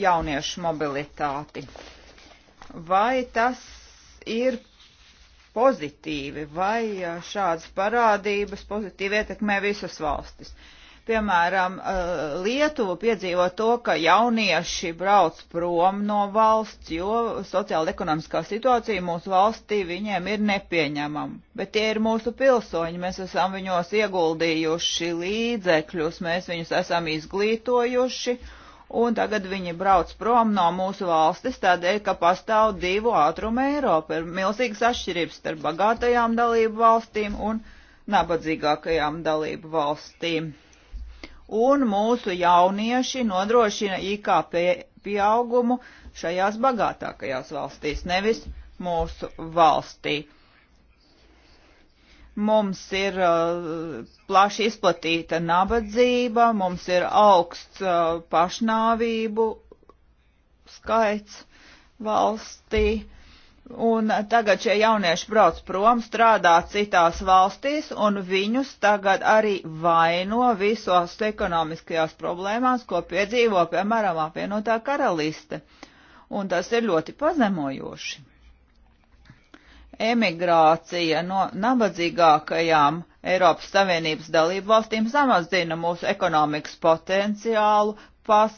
[SPEAKER 3] jauniešu mobilitāti. Vai tas ir pozitīvi, vai šādas parādības pozitīvi ietekmē visas valstis? Uh, Piemēram, eh, Lietuva piedzīvo to, ka jaunieši brauc prom no valsts, jo sociāla ekonomiskā situācija mūsu valstī viņiem ir nepieņemama. Bet tie ir mūsu pilsoņi, mēs esam viņos ieguldījuši līdzekļus, mēs viņus esam izglītojuši un tagad viņi brauc prom no mūsu valstis tādēļ, ka pastāv divu ātrumu Eiropa. Ir milzīgas atšķirības starp bagātajām dalību valstīm un nabadzīgākajām dalību valstīm un mūsu jaunieši nodrošina IKP pieaugumu šajās bagātākajās valstīs, nevis mūsu valstī. Mums ir uh, plaši izplatīta nabadzība, mums ir augsts uh, pašnāvību skaits valstī. Uh, Un tagad šie jaunieši brauc prom, strādā citās valstīs, un viņus tagad arī vaino visos ekonomiskajās problēmās, ko piedzīvo, piemēram, apvienotā karaliste. Un tas ir ļoti pazemojoši. Emigrācija no nabadzīgākajām Eiropas Savienības dalību valstīm samazina mūsu ekonomikas potenciālu, pas,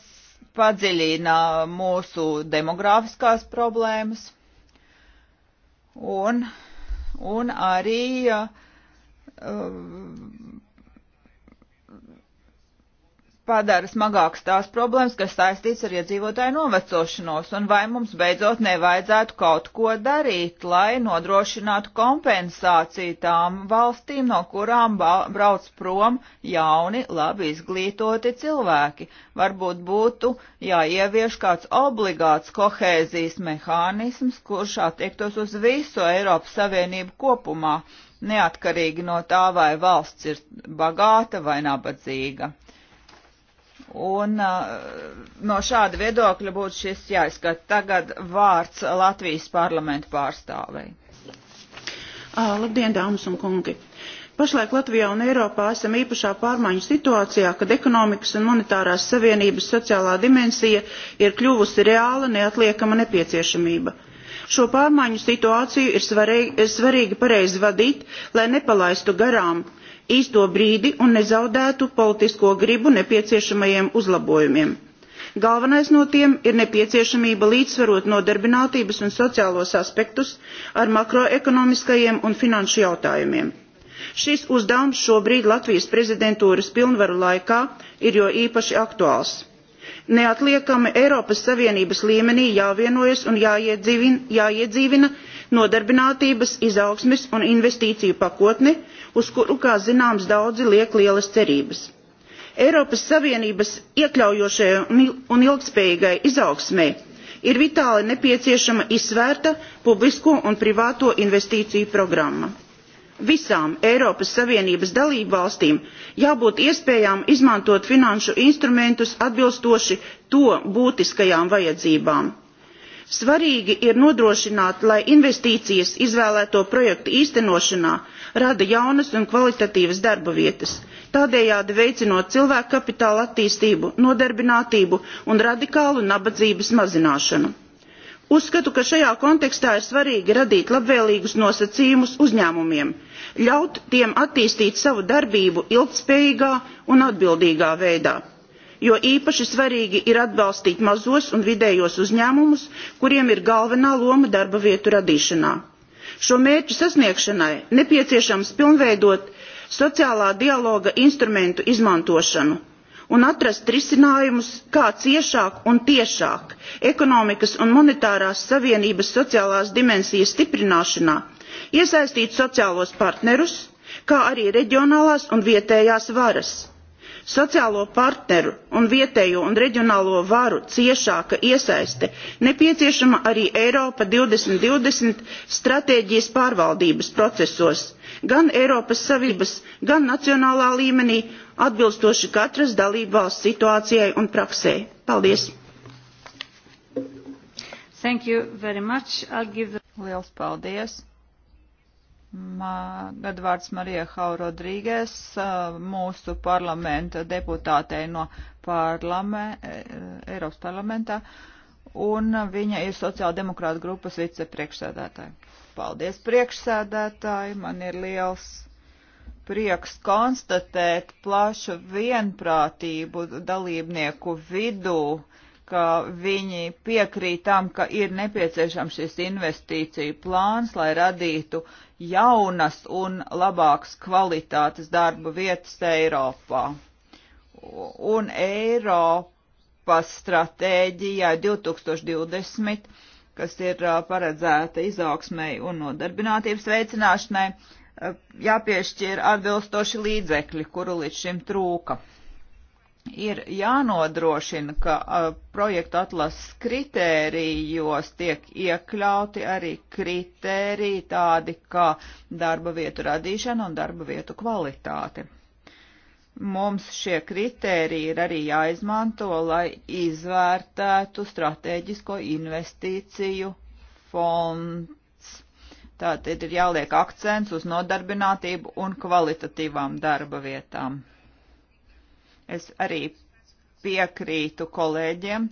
[SPEAKER 3] padziļina mūsu demogrāfiskās problēmas un, un arī uh, padara smagākas tās problēmas, kas saistīts ar iedzīvotāju novecošanos, un vai mums beidzot nevajadzētu kaut ko darīt, lai nodrošinātu kompensāciju tām valstīm, no kurām brauc prom jauni, labi izglītoti cilvēki. Varbūt būtu jāievieš kāds obligāts kohēzijas mehānisms, kurš attiektos uz visu Eiropas Savienību kopumā, neatkarīgi no tā, vai valsts ir bagāta vai nabadzīga Un uh, no šāda viedokļa būtu šis jāizskata. Tagad vārds Latvijas parlamentu pārstāvei.
[SPEAKER 1] Labdien, dāmas un kungi! Pašlaik Latvijā un Eiropā esam īpašā pārmaiņu situācijā, kad ekonomikas un monetārās savienības sociālā dimensija ir kļuvusi reāla neatliekama nepieciešamība. Šo pārmaiņu situāciju ir svarīgi, ir svarīgi pareizi vadīt, lai nepalaistu garām īsto brīdi un nezaudētu politisko gribu nepieciešamajiem uzlabojumiem. Galvenais no tiem ir nepieciešamība līdzsvarot nodarbinātības un sociālos aspektus ar makroekonomiskajiem un finanšu jautājumiem. Šis uzdevums šobrīd Latvijas prezidentūras pilnvaru laikā ir jo īpaši aktuāls neatliekami Eiropas Savienības līmenī jāvienojas un jāiedzīvina, jāiedzīvina nodarbinātības, izaugsmes un investīciju pakotne, uz kuru, kā zināms, daudzi liek lielas cerības. Eiropas Savienības iekļaujošajai un ilgspējīgai izaugsmai ir vitāli nepieciešama izsvērta publisko un privāto investīciju programma visām Eiropas Savienības dalībvalstīm jābūt iespējām izmantot finanšu instrumentus atbilstoši to būtiskajām vajadzībām. Svarīgi ir nodrošināt, lai investīcijas izvēlēto projektu īstenošanā rada jaunas un kvalitatīvas darba vietas, tādējādi veicinot cilvēku kapitāla attīstību, nodarbinātību un radikālu nabadzības mazināšanu. Uzskatu, ka šajā kontekstā ir svarīgi radīt labvēlīgus nosacījumus uzņēmumiem – ļaut tiem attīstīt savu darbību ilgtspējīgā un atbildīgā veidā jo īpaši svarīgi ir atbalstīt mazos un vidējos uzņēmumus, kuriem ir galvenā loma darba vietu radīšanā. Šo mērķu sasniegšanai nepieciešams pilnveidot sociālā dialoga instrumentu izmantošanu un atrast risinājumus, kā ciešāk un tiešāk ekonomikas un monetārās savienības sociālās dimensijas stiprināšanā iesaistīt sociālos partnerus kā arī reģionālās un vietējās varas sociālo partneru un vietējo un reģionālo varu ciešāka iesaiste nepieciešama arī Eiropa 2020 stratēģijas pārvaldības procesos, gan Eiropas Savienības, gan nacionālā līmenī, atbilstoši katras dalībvalsts situācijai un praksē. Paldies! Thank you very much. I'll
[SPEAKER 3] give the... Liels paldies! Gadvārds Marija Hau Rodrīgēs, mūsu parlamenta deputātei no parlame, Eiropas parlamentā, un viņa ir sociāldemokrāta grupas vicepriekšsēdētāja. Paldies priekšsēdētāji, man ir liels prieks konstatēt plašu vienprātību dalībnieku vidū ka viņi piekrīt tam, ka ir nepieciešams šis investīciju plāns, lai radītu jaunas un labākas kvalitātes darba vietas Eiropā. Un Eiropas stratēģijā 2020, kas ir paredzēta izaugsmai un nodarbinātības veicināšanai, jāpiešķir atbilstoši līdzekļi, kuru līdz šim trūka ir jānodrošina, ka uh, projektu atlases kritērijos tiek iekļauti arī kritēriji tādi kā darba vietu radīšana un darba vietu kvalitāte. Mums šie kritēriji ir arī jāizmanto, lai izvērtētu strateģisko investīciju fondu Tātad ir jāliek akcents uz nodarbinātību un kvalitatīvām darba vietām. Es arī piekrītu kolēģiem,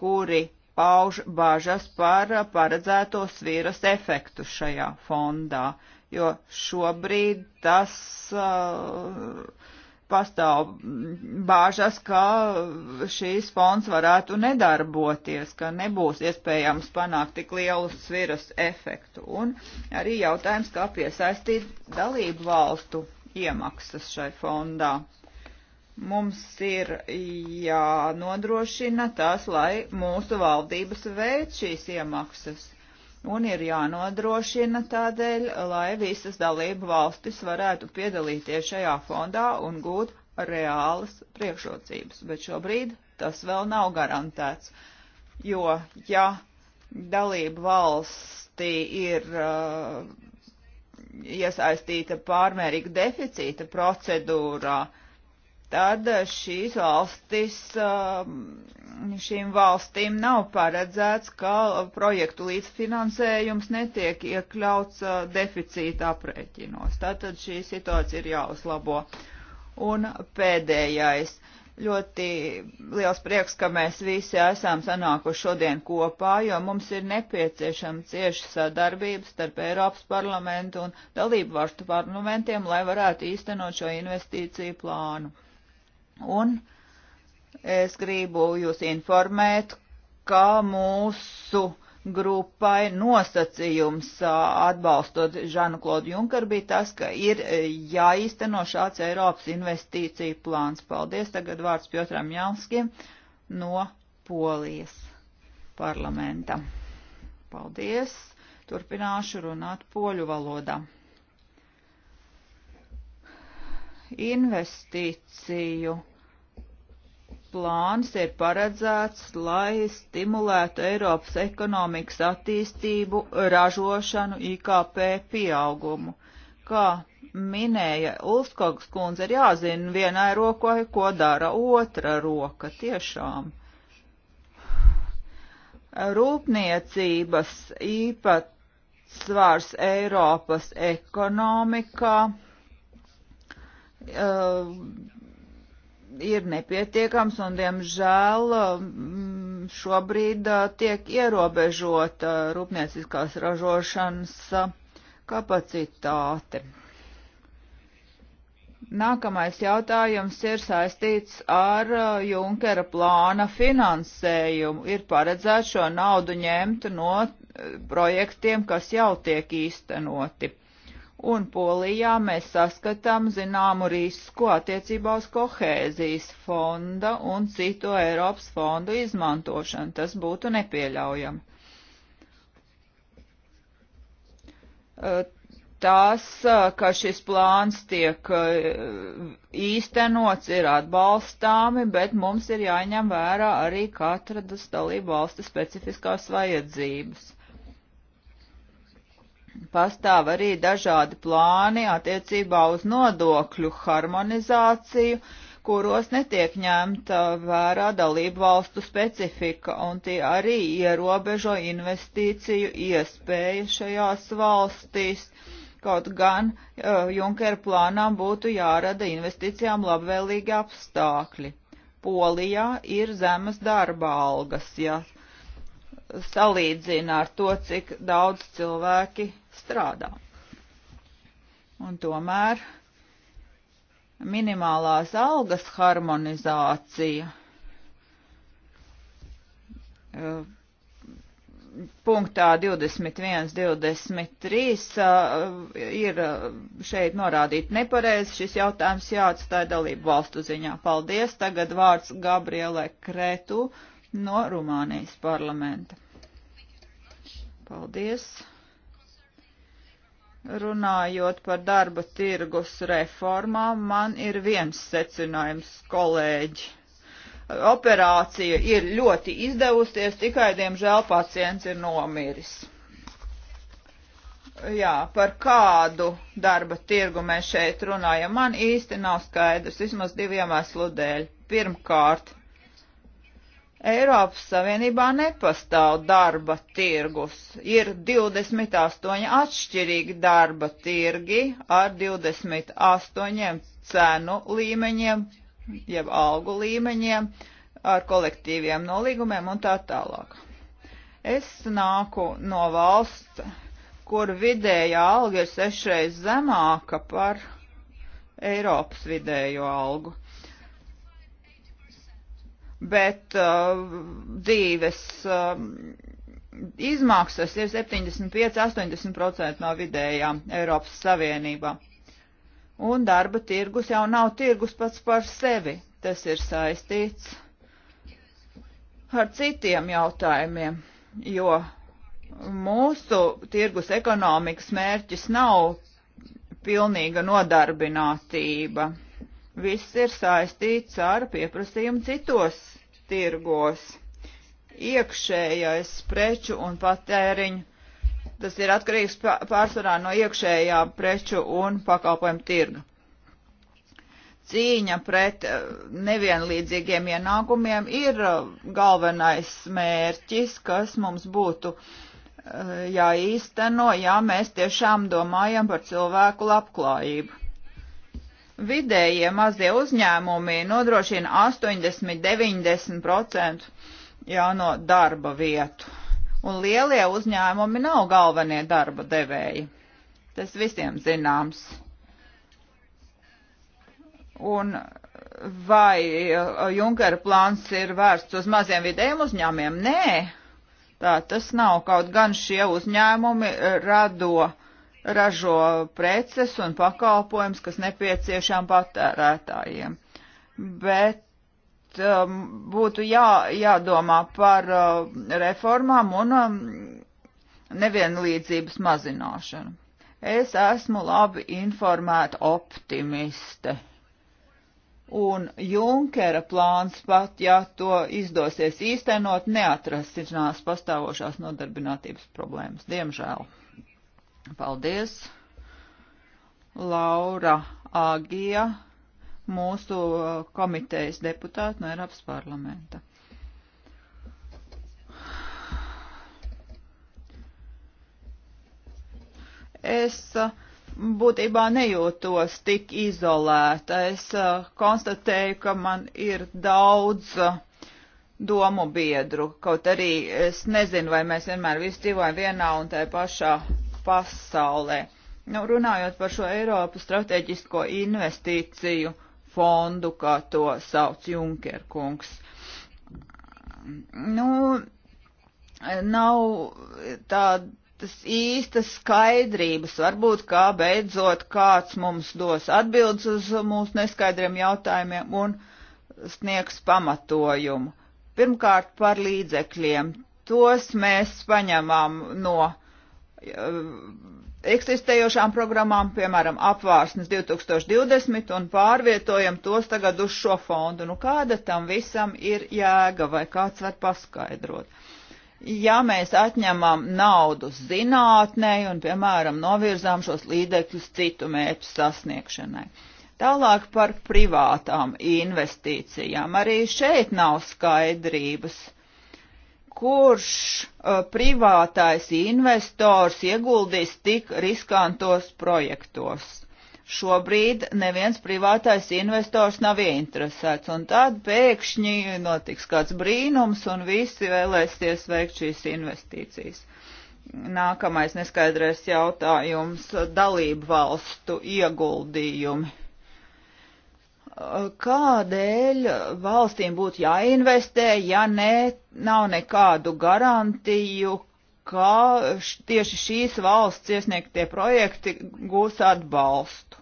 [SPEAKER 3] kuri pauž bažas par paredzēto svīras efektu šajā fondā, jo šobrīd tas uh, pastāv bāžas, ka šīs fonds varētu nedarboties, ka nebūs iespējams panākt tik lielu sviras efektu. Un arī jautājums, kā piesaistīt dalību valstu iemaksas šai fondā. Mums ir jānodrošina tas, lai mūsu valdības veic šīs iemaksas. Un ir jānodrošina tādēļ, lai visas dalību valstis varētu piedalīties šajā fondā un gūt reālas priekšrocības. Bet šobrīd tas vēl nav garantēts. Jo, ja dalību valstī ir uh, iesaistīta pārmērīga deficīta procedūrā, tad šīs valstis, um, šīm valstīm nav paredzēts, ka projektu līdzfinansējums netiek iekļauts uh, deficīta aprēķinos. Tātad šī situācija ir jāuzlabo. Un pēdējais. Ļoti liels prieks, ka mēs visi esam sanākuši šodien kopā, jo mums ir nepieciešama cieša sadarbība starp Eiropas parlamentu un dalību valstu parlamentiem, lai varētu īstenot šo investīciju plānu. Un es gribu jūs informēt, ka mūsu grupai nosacījums atbalstot Žanu Klodu Junkaru bija tas, ka ir jāīsteno šāds Eiropas investīcija plāns. Paldies. Tagad vārds Piotram Janskim no Polijas parlamenta. Paldies. Turpināšu runāt poļu valodā. investīciju plāns ir paredzēts, lai stimulētu Eiropas ekonomikas attīstību, ražošanu, IKP pieaugumu. Kā minēja Ulskogs kundze, ir jāzina vienai rokai, ko dara otra roka tiešām. Rūpniecības īpatsvars Eiropas ekonomikā uh, ir nepietiekams un, diemžēl, um, šobrīd uh, tiek ierobežota rūpnieciskās ražošanas uh, kapacitāte. Nākamais jautājums ir saistīts ar uh, Junkera plāna finansējumu. Ir paredzēts šo naudu ņemt no projektiem, kas jau tiek īstenoti un Polijā mēs saskatām zināmu risku attiecībā uz kohēzijas fonda un citu Eiropas fondu izmantošanu. Tas būtu nepieļaujami. Tas, ka šis plāns tiek īstenots, ir atbalstāmi, bet mums ir jāņem vērā arī katra dalība valsta specifiskās vajadzības pastāv arī dažādi plāni attiecībā uz nodokļu harmonizāciju, kuros netiek ņemta vērā dalību valstu specifika, un tie arī ierobežo investīciju iespēju šajās valstīs. Kaut gan uh, e, Junkera plānām būtu jārada investīcijām labvēlīgi apstākļi. Polijā ir zemes darba algas, ja salīdzina ar to, cik daudz cilvēki strādā. Un tomēr minimālās algas harmonizācija eh, punktā 21, 23 eh, ir eh, šeit norādīti nepareizi. Šis jautājums jāatstāja dalību valstu ziņā. Paldies. Tagad vārds Gabrielai Kretu no Rumānijas parlamenta. Paldies. Runājot par darba tirgus reformām, man ir viens secinājums, kolēģi. Operācija ir ļoti izdevusies, tikai, diemžēl, pacients ir nomiris. Jā, par kādu darba tirgu mēs šeit runājam, man īsti nav skaidrs, vismaz divu iemeslu dēļ. Pirmkārt, Eiropas Savienībā nepastāv darba tirgus. Ir 28 atšķirīgi darba tirgi ar 28 cenu līmeņiem, jeb algu līmeņiem, ar kolektīviem nolīgumiem un tā tālāk. Es nāku no valsts, kur vidējā alga ir sešreiz zemāka par Eiropas vidējo algu bet uh, dzīves uh, izmaksas ir 75-80% no vidējām Eiropas Savienībā. Un darba tirgus jau nav tirgus pats par sevi. Tas ir saistīts ar citiem jautājumiem, jo mūsu tirgus ekonomikas mērķis nav pilnīga nodarbinātība viss ir saistīts ar pieprasījumu citos tirgos. Iekšējais preču un patēriņu, tas ir atkarīgs pārsvarā no iekšējā preču un pakalpojumu tirga cīņa pret eh, nevienlīdzīgiem ienākumiem ir eh, galvenais mērķis, kas mums būtu eh, jāīsteno, ja mēs tiešām domājam par cilvēku labklājību. Vidējie mazie uzņēmumi nodrošina 80-90% jauno darba vietu, un lielie uzņēmumi nav galvenie darba devēji. Tas visiem zināms. Un vai uh, Junkera plāns ir vērsts uz maziem vidējiem uzņēmumiem? Nē, tā tas nav. Kaut gan šie uzņēmumi uh, rado ražo preces un pakalpojums, kas nepieciešām patērētājiem. Bet um, būtu jā, jādomā par uh, reformām un um, nevienlīdzības mazināšanu. Es esmu labi informēta optimiste. Un Junkera plāns pat, ja to izdosies īstenot, neatrasinās pastāvošās nodarbinātības problēmas, diemžēl. Paldies! Laura Āgija, mūsu uh, komitejas deputāta no Eiropas parlamenta. Es uh, būtībā nejūtos tik izolēta. Es uh, konstatēju, ka man ir daudz domu biedru, kaut arī es nezinu, vai mēs vienmēr visi dzīvojam vienā un tajā pašā pasaulē. Nu, runājot par šo Eiropas strateģisko investīciju fondu, kā to sauc Junker kungs. Nu, nav tādas īstas skaidrības. Varbūt kā beidzot kāds mums dos atbildes uz mūsu neskaidriem jautājumiem un sniegs pamatojumu. Pirmkārt par līdzekļiem. Tos mēs paņemam no eksistējošām programmām, piemēram, apvārsnes 2020 un pārvietojam tos tagad uz šo fondu. Nu, kāda tam visam ir jēga vai kāds var paskaidrot? Ja mēs atņemam naudu zinātnē un, piemēram, novirzām šos līdzekļus citu mērķu sasniegšanai. Tālāk par privātām investīcijām. Arī šeit nav skaidrības kurš uh, privātais investors ieguldīs tik riskantos projektos. Šobrīd neviens privātais investors nav ieinteresēts, un tad pēkšņi notiks kāds brīnums, un visi vēlēsies veikt šīs investīcijas. Nākamais neskaidrais jautājums - dalību valstu ieguldījumi kādēļ valstīm būtu jāinvestē, ja ne, nav nekādu garantiju, ka tieši šīs valsts iesniegtie projekti gūs atbalstu.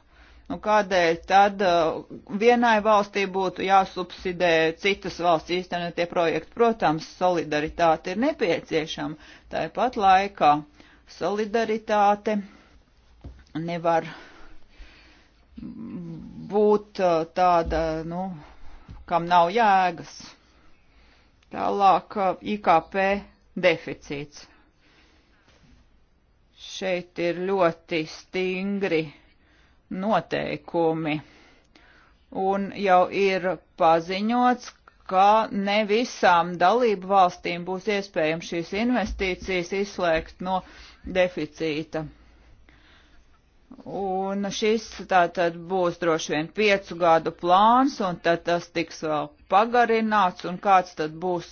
[SPEAKER 3] Nu, kādēļ tad uh, vienai valstī būtu jāsubsidē citas valsts īstenotie projekti? Protams, solidaritāte ir nepieciešama. Tāpat laikā solidaritāte nevar būt uh, tāda, nu, kam nav jēgas. Tālāk uh, IKP deficīts. Šeit ir ļoti stingri noteikumi. Un jau ir paziņots, ka ne visām dalību valstīm būs iespējams šīs investīcijas izslēgt no deficīta Un šis tātad būs droši vien piecu gadu plāns, un tad tas tiks vēl pagarināts, un kāds tad būs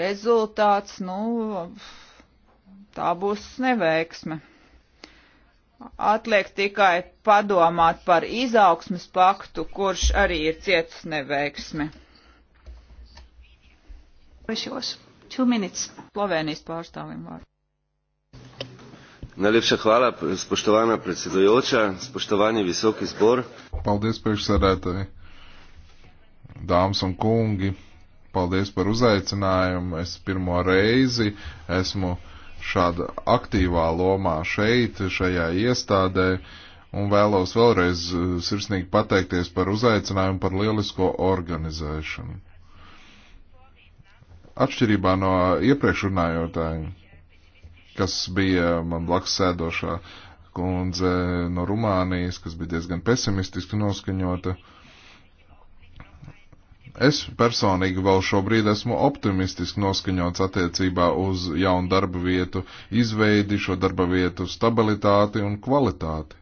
[SPEAKER 3] rezultāts, nu, tā būs neveiksme. Atliek tikai padomāt par izaugsmes paktu, kurš arī ir cietis neveiksmi. Slovenijas pārstāvim vārdu.
[SPEAKER 2] Najlepša hvala, spoštovana predsedujoča, spoštovani visoki zbor. Paldies, priekšsēdētāji, dāmas un kungi. Paldies par uzaicinājumu. Es pirmo reizi esmu šāda aktīvā lomā šeit, šajā iestādē, un vēlos vēlreiz eh, sirsnīgi pateikties par uzaicinājumu par lielisko organizēšanu. Atšķirībā no iepriekš runājotājiem kas bija man blakus sēdošā kundze no Rumānijas, kas bija diezgan pesimistiski noskaņota. Es personīgi vēl šobrīd esmu optimistiski noskaņots attiecībā uz jaunu darba vietu izveidi, šo darba vietu stabilitāti un kvalitāti.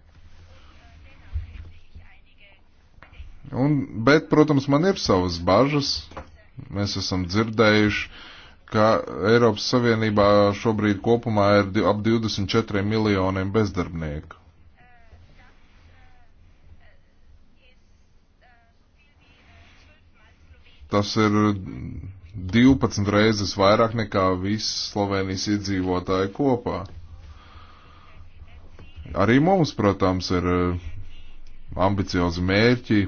[SPEAKER 2] Un, bet, protams, man ir savas bažas. Mēs esam dzirdējuši uh, ka Eiropas Savienībā šobrīd kopumā ir ap 24 miljoniem bezdarbnieku. Tas ir 12 reizes vairāk nekā visi Slovenijas iedzīvotāji kopā. Arī mums, protams, ir eh, ambiciozi mērķi,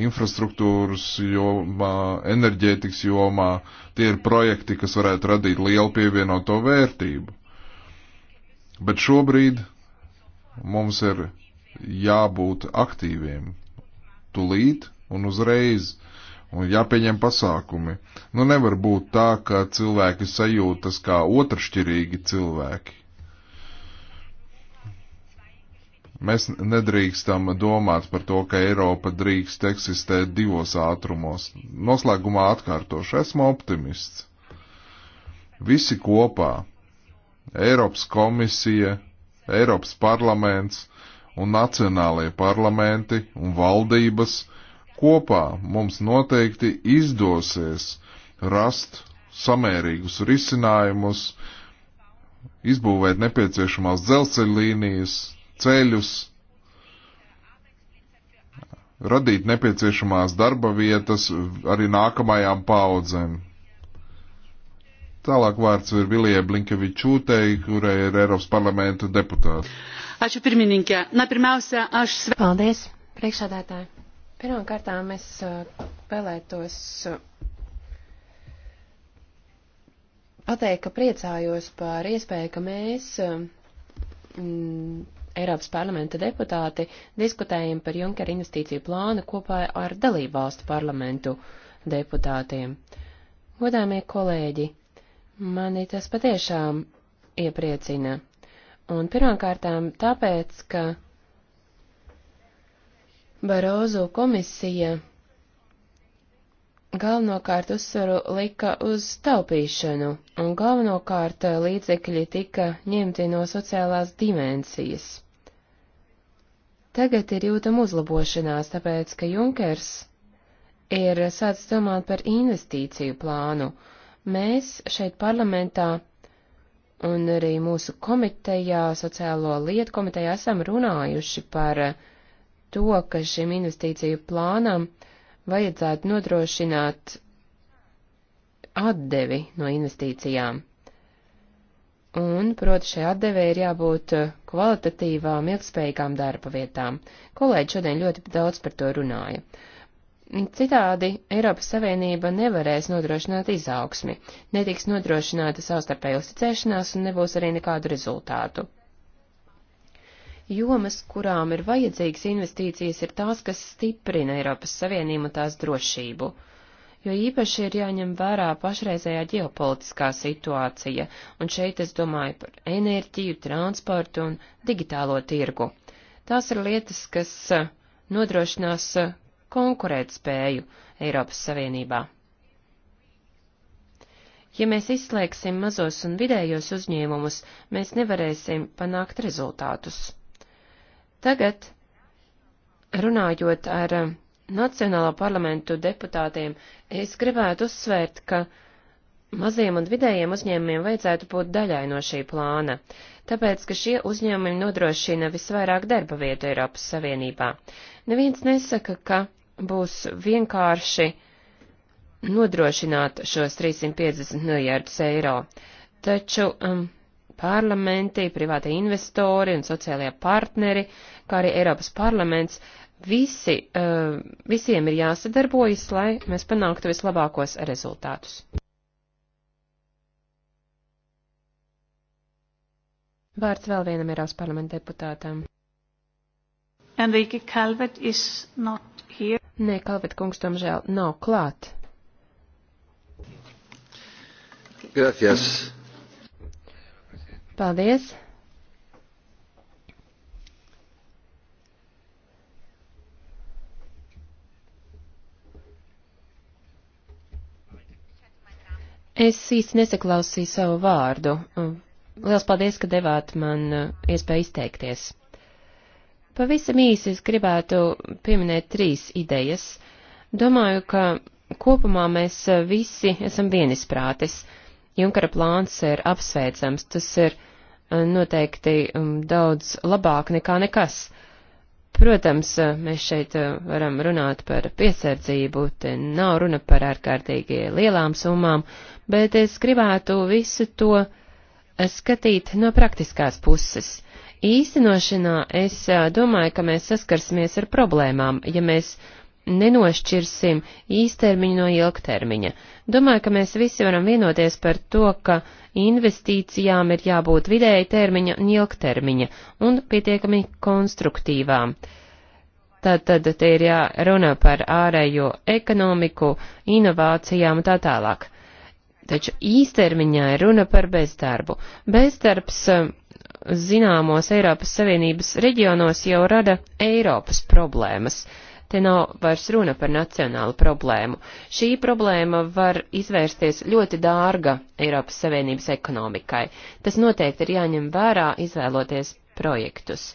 [SPEAKER 2] infrastruktūras jomā, enerģētikas jomā. Tie ir projekti, kas varētu radīt lielu pievienoto vērtību. Bet šobrīd mums ir jābūt aktīviem tulīt un uzreiz un jāpieņem pasākumi. Nu nevar būt tā, ka cilvēki sajūtas kā otršķirīgi cilvēki. Mēs nedrīkstam domāt par to, ka Eiropa drīkst eksistēt divos ātrumos. Noslēgumā atkārtošu, esmu optimists. Visi kopā - Eiropas komisija, Eiropas parlaments un nacionālajie parlamenti un valdības - kopā mums noteikti izdosies rast samērīgus risinājumus, izbūvēt nepieciešamās dzelzceļlīnijas, ceļus, radīt nepieciešamās darba vietas arī nākamajām paudzēm. Tālāk vārds ir Vilijai Blinkevičūtei, kurai ir Eiropas parlamenta deputāte.
[SPEAKER 4] Ačiū pirmininkē. Na, pirmiausia, aš sve... Paldies, priekšādātāji. Pirmkārtām es uh, vēlētos uh, pateikt, ka priecājos par iespēju, ka mēs uh, m, Eiropas parlamenta deputāti diskutējam par Junkera investīciju plānu kopā ar dalību valstu parlamentu deputātiem. Godāmie kolēģi, mani tas patiešām iepriecina. Un pirmkārtām tāpēc, ka Barozo komisija galvenokārt uzsvaru lika uz taupīšanu, un galvenokārt līdzekļi tika ņemti no sociālās dimensijas. Tagad ir jūtama uzlabošanās, tāpēc, ka Junkers ir sācis domāt par investīciju plānu. Mēs šeit parlamentā un arī mūsu komitejā, sociālo lietu komitejā esam runājuši par to, ka šim investīciju plānam vajadzētu nodrošināt atdevi no investīcijām. Un, proti, šai atdevē ir jābūt eh, kvalitatīvām, ilgspējīgām darba vietām. Kolēģi šodien ļoti daudz par to runāja. Citādi Eiropas Savienība nevarēs nodrošināt izaugsmi, netiks nodrošināta savstarpēja uzticēšanās un nebūs arī nekādu rezultātu. Jomas, kurām ir vajadzīgas investīcijas, ir tās, kas stiprina Eiropas Savienību un tās drošību jo īpaši ir jāņem vērā pašreizējā ģeopolitiskā situācija, un šeit es domāju par enerģiju, transportu un digitālo tirgu. Tās ir lietas, kas eh, nodrošinās eh, konkurētspēju Eiropas Savienībā. Ja mēs izslēgsim mazos un vidējos uzņēmumus, mēs nevarēsim panākt rezultātus. Tagad, runājot ar eh, Nacionālo parlamentu deputātiem es gribētu uzsvērt, ka maziem un vidējiem uzņēmumiem vajadzētu būt daļai no šī plāna, tāpēc, ka šie uzņēmumi nodrošina visvairāk darba vietu Eiropas Savienībā. Neviens nesaka, ka būs vienkārši nodrošināt šos 350 miljārdus eiro, taču um, parlamenti, privāti investori un sociālajie partneri, kā arī Eiropas parlaments Visi, eh, visiem ir jāsadarbojas, lai mēs panāktu vislabākos rezultātus. Vārds vēl vienam Eiropas parlamenta deputātam.
[SPEAKER 1] Enrique Calvet is not
[SPEAKER 4] here. Nē, Calvet kungs, tomžēl, nav klāt. Gracias. Paldies. Es īsti nesaklausīju savu vārdu. Liels paldies, ka devāt man uh, iespēju izteikties. Pavisam īsi es gribētu pieminēt trīs idejas. Domāju, ka kopumā mēs uh, visi esam vienisprātis. Junkara plāns ir apsveicams, tas ir uh, noteikti um, daudz labāk nekā nekas. Protams, mēs šeit varam runāt par piesardzību, te nav runa par ārkārtīgi lielām summām, bet es gribētu visu to eh, skatīt no praktiskās puses. Īstenošanā es eh, domāju, ka mēs saskarsimies ar problēmām, ja mēs nenošķirsim īstermiņu no ilgtermiņa. Domāju, ka mēs visi varam vienoties par to, ka investīcijām ir jābūt vidēji termiņa un ilgtermiņa un pietiekami konstruktīvām. Tātad te ir jārunā par ārējo ekonomiku, inovācijām un tā tālāk. Taču īstermiņā ir runa par bezdarbu. Bezdarbs um, zināmos Eiropas Savienības reģionos jau rada Eiropas problēmas. Te nav vairs runa par nacionālu problēmu. Šī problēma var izvērsties ļoti dārga Eiropas Savienības ekonomikai. Tas noteikti ir jāņem vērā, izvēloties projektus.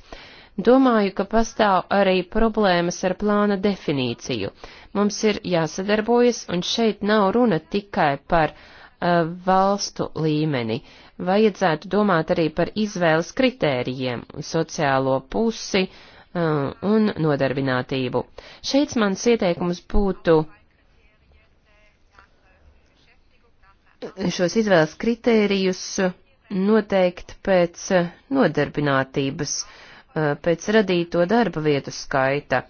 [SPEAKER 4] Domāju, ka pastāv arī problēmas ar plāna definīciju. Mums ir jāsadarbojas, un šeit nav runa tikai par uh, Eh, valstu līmeni. Vajadzētu domāt arī par izvēles kritērijiem, sociālo pusi eh, un nodarbinātību. Šeit mans ieteikums būtu šos izvēles kritērijus noteikt pēc nodarbinātības, eh, pēc radīto darba vietu skaita,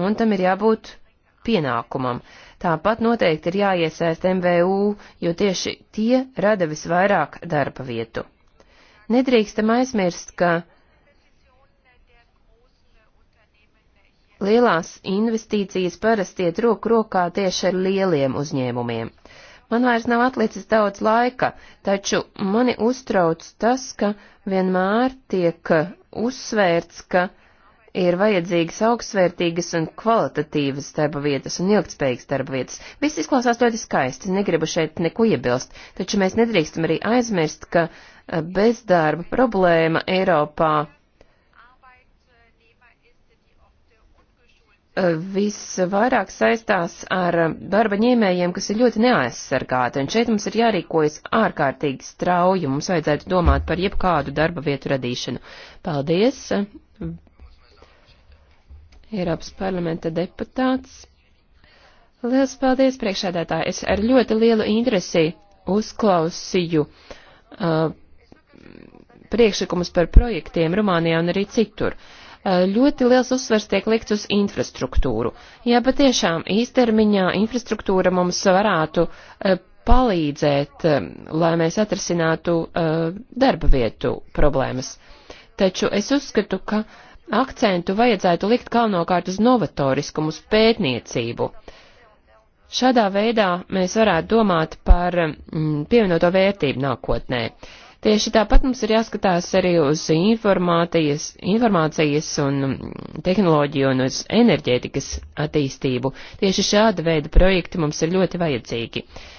[SPEAKER 4] un tam ir jābūt pienākumam. Tāpat noteikti ir jāiesaist MVU, jo tieši tie rada visvairāk darba vietu. Nedrīkstam aizmirst, ka lielās investīcijas parasti iet roku rokā tieši ar lieliem uzņēmumiem. Man vairs nav atlicis daudz laika, taču mani uztrauc tas, ka vienmēr tiek uzsvērts, ka uh, ir vajadzīgas augstsvērtīgas un kvalitatīvas darba vietas un ilgtspējīgas darba vietas. Viss izklausās ļoti skaisti, negribu šeit neko iebilst, taču mēs nedrīkstam arī aizmirst, ka eh, bezdarba problēma Eiropā eh, visvairāk saistās ar eh, darba ņēmējiem, kas ir ļoti neaizsargāti, un šeit mums ir jārīkojas ārkārtīgi strauji, mums vajadzētu domāt par jebkādu darba vietu radīšanu. Paldies, Eiropas parlamenta deputāts. Liels paldies, priekšādētāji! Es ar ļoti lielu interesi uzklausīju uh, priekšlikumus par projektiem Rumānijā un arī citur. Uh, ļoti liels uzsvers tiek likts uz infrastruktūru. Jā, pat tiešām īstermiņā infrastruktūra mums varētu uh, palīdzēt, um, lai mēs atrisinātu uh, darba vietu problēmas. Taču es uzskatu, ka uh, akcentu vajadzētu likt galvenokārt uz novatoriskumu, uz pētniecību. Šādā veidā mēs varētu domāt par mm, pievienoto vērtību nākotnē. Tieši tāpat mums ir jāskatās arī uz informācijas, informācijas un mm, tehnoloģiju un uz enerģētikas attīstību. Tieši šāda veida projekti mums ir ļoti vajadzīgi. Uh,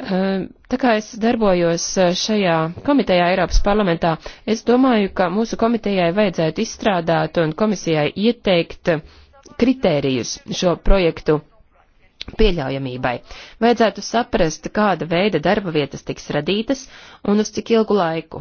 [SPEAKER 4] Ehm, tā kā es darbojos eh, šajā komitejā Eiropas parlamentā, es domāju, ka mūsu komitejai vajadzētu izstrādāt un komisijai ieteikt kritērijus šo projektu pieļaujamībai. Vajadzētu saprast, kāda veida darba vietas tiks radītas un uz cik ilgu laiku.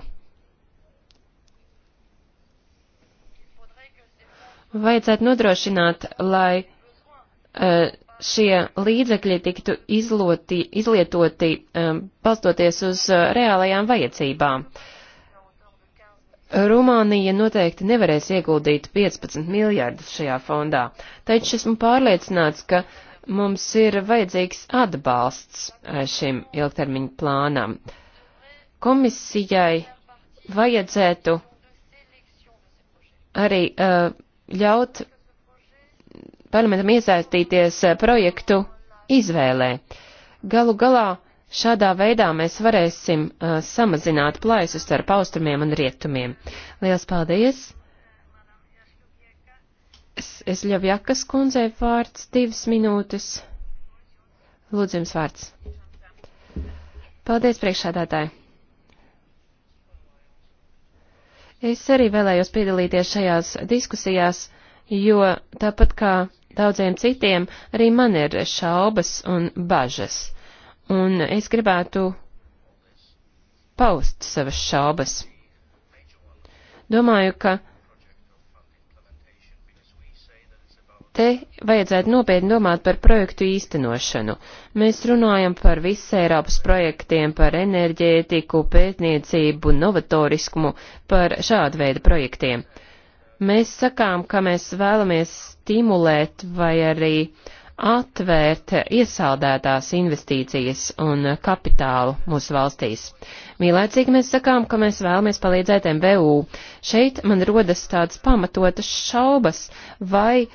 [SPEAKER 4] Vajadzētu nodrošināt, lai uh, šie līdzekļi tiktu izloti, izlietoti um, balstoties uz uh, reālajām vajadzībām. Rumānija noteikti nevarēs ieguldīt 15 miljārdus šajā fondā, taču esmu pārliecināts, ka mums ir vajadzīgs atbalsts uh, šim ilgtermiņu plānam. Komisijai vajadzētu arī uh, ļaut parlamentam iesaistīties eh, projektu izvēlē. Galu galā šādā veidā mēs varēsim uh, samazināt plaisu starp austrumiem un rietumiem. Lielas paldies! Es, es ļauju Jakas kundzei vārds divas minūtes. Lūdzu, jums vārds. Paldies, priekšādātāji! Es arī vēlējos piedalīties šajās diskusijās, jo tāpat kā daudziem citiem, arī man ir šaubas un bažas. Un es gribētu paust savas šaubas. Domāju, ka te vajadzētu nopietni domāt par projektu īstenošanu. Mēs runājam par visu Eiropas projektiem, par enerģētiku, pētniecību, novatoriskumu, par šādu veidu projektiem. Uh, Mēs sakām, ka mēs vēlamies stimulēt vai arī atvērt iesaldētās investīcijas un kapitālu mūsu valstīs. Mīlēcīgi mēs sakām, ka mēs vēlamies palīdzēt MVU. Šeit man rodas tādas pamatotas šaubas, vai e,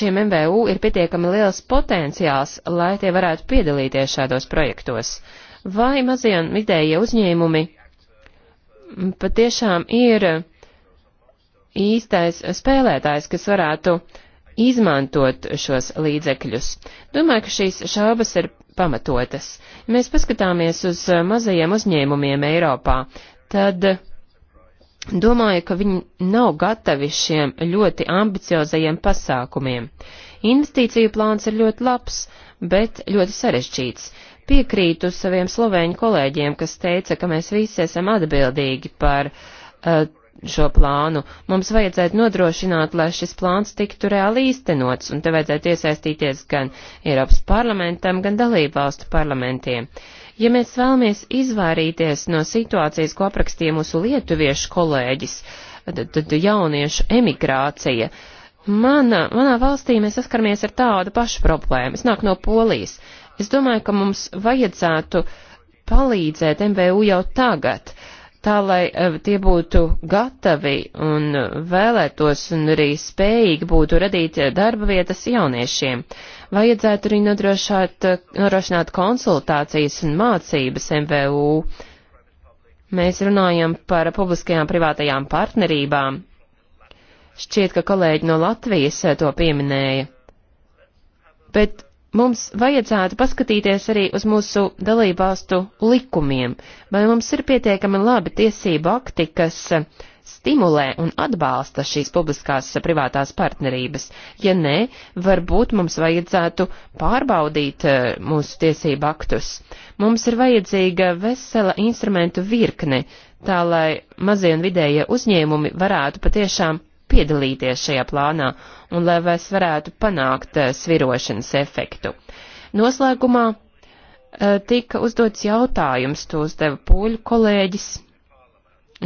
[SPEAKER 4] šiem MVU ir pietiekami liels potenciāls, lai tie varētu piedalīties šādos projektos. Vai mazie un vidējie uzņēmumi patiešām ir īstais spēlētājs, kas varētu izmantot šos līdzekļus. Domāju, ka šīs šaubas ir pamatotas. Ja mēs paskatāmies uz eh, mazajiem uzņēmumiem Eiropā, tad domāju, ka viņi nav gatavi šiem ļoti ambiciozajiem pasākumiem. Investīciju plāns ir ļoti labs, bet ļoti sarežģīts. Piekrītu saviem slovēņu kolēģiem, kas teica, ka mēs visi esam atbildīgi par uh, šo plānu. Mums vajadzētu nodrošināt, lai šis plāns tiktu reāli īstenots, un te vajadzētu iesaistīties gan Eiropas parlamentam, gan dalību valstu parlamentiem. Ja mēs vēlamies izvairīties no situācijas, ko aprakstīja mūsu lietuviešu kolēģis, tad, tad jauniešu emigrācija, mana, manā valstī mēs saskaramies ar tādu pašu problēmu. Es nāku no Polijas. Es domāju, ka mums vajadzētu palīdzēt MVU jau tagad. Uh, tā lai e, tie būtu gatavi un vēlētos un arī spējīgi būtu radīt darba vietas jauniešiem. Vajadzētu arī e, nodrošināt konsultācijas un mācības MVU. Mēs runājam par publiskajām privātajām partnerībām. Šķiet, ka kolēģi no Latvijas e, to pieminēja. Bet mums vajadzētu paskatīties arī uz mūsu dalībvalstu likumiem, vai mums ir pietiekami labi tiesību akti, kas stimulē un atbalsta šīs publiskās privātās partnerības. Ja nē, varbūt mums vajadzētu pārbaudīt eh, mūsu tiesību aktus. Mums ir vajadzīga vesela instrumentu virkne, tā lai mazie un vidējie uzņēmumi varētu patiešām piedalīties šajā plānā un lai mēs varētu panākt eh, svirošanas efektu. Noslēgumā eh, tika uzdots jautājums, to uzdeva poļu kolēģis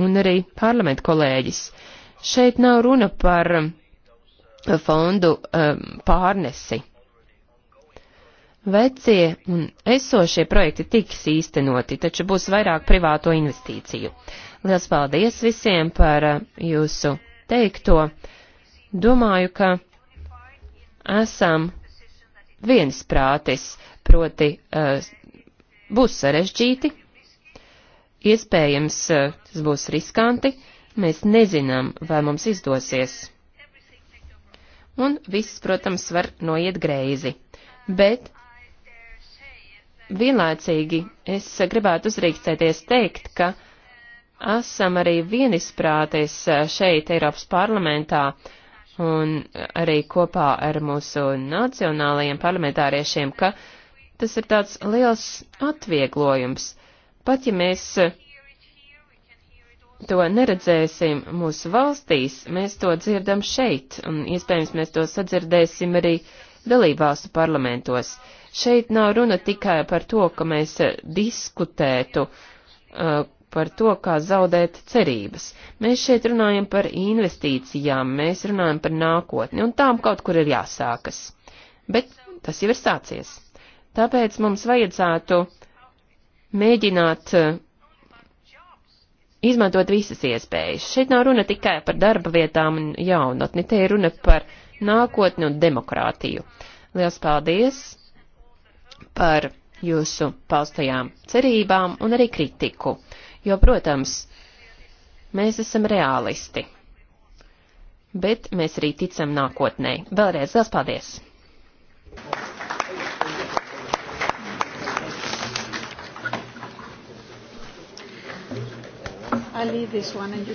[SPEAKER 4] un arī parlamentu kolēģis. Šeit nav runa par eh, fondu pārnesi. Vecie un esošie projekti tiks īstenoti, taču būs vairāk privāto investīciju. Liels paldies visiem par jūsu teikto, domāju, ka esam viensprātis, proti uh, būs sarežģīti, iespējams uh, tas būs riskanti, mēs nezinām, vai mums izdosies. Un viss, protams, var noiet greizi, bet vienlaicīgi es gribētu uzrīkstēties teikt, ka uh, esam arī vienisprātis eh, šeit Eiropas parlamentā un arī kopā ar mūsu nacionālajiem parlamentāriešiem, ka tas ir tāds liels atvieglojums. Pat ja mēs eh, to neredzēsim mūsu valstīs, mēs to dzirdam šeit, un iespējams mēs to sadzirdēsim arī dalībvalstu parlamentos. Šeit nav runa tikai par to, ka mēs eh, diskutētu, par to, kā zaudēt cerības. Mēs šeit runājam par investīcijām, mēs runājam par nākotni, un tām kaut kur ir jāsākas. Bet tas jau ir sācies. Tāpēc mums vajadzētu mēģināt eh, izmantot visas iespējas. Šeit nav runa tikai par darba vietām un jaunatni, te ir runa par nākotni un demokrātiju. Liels paldies par jūsu paustajām cerībām un arī kritiku. Jo, protams, mēs esam realisti, bet mēs arī ticam nākotnē. Vēlreiz liels paldies!
[SPEAKER 1] I leave this one and you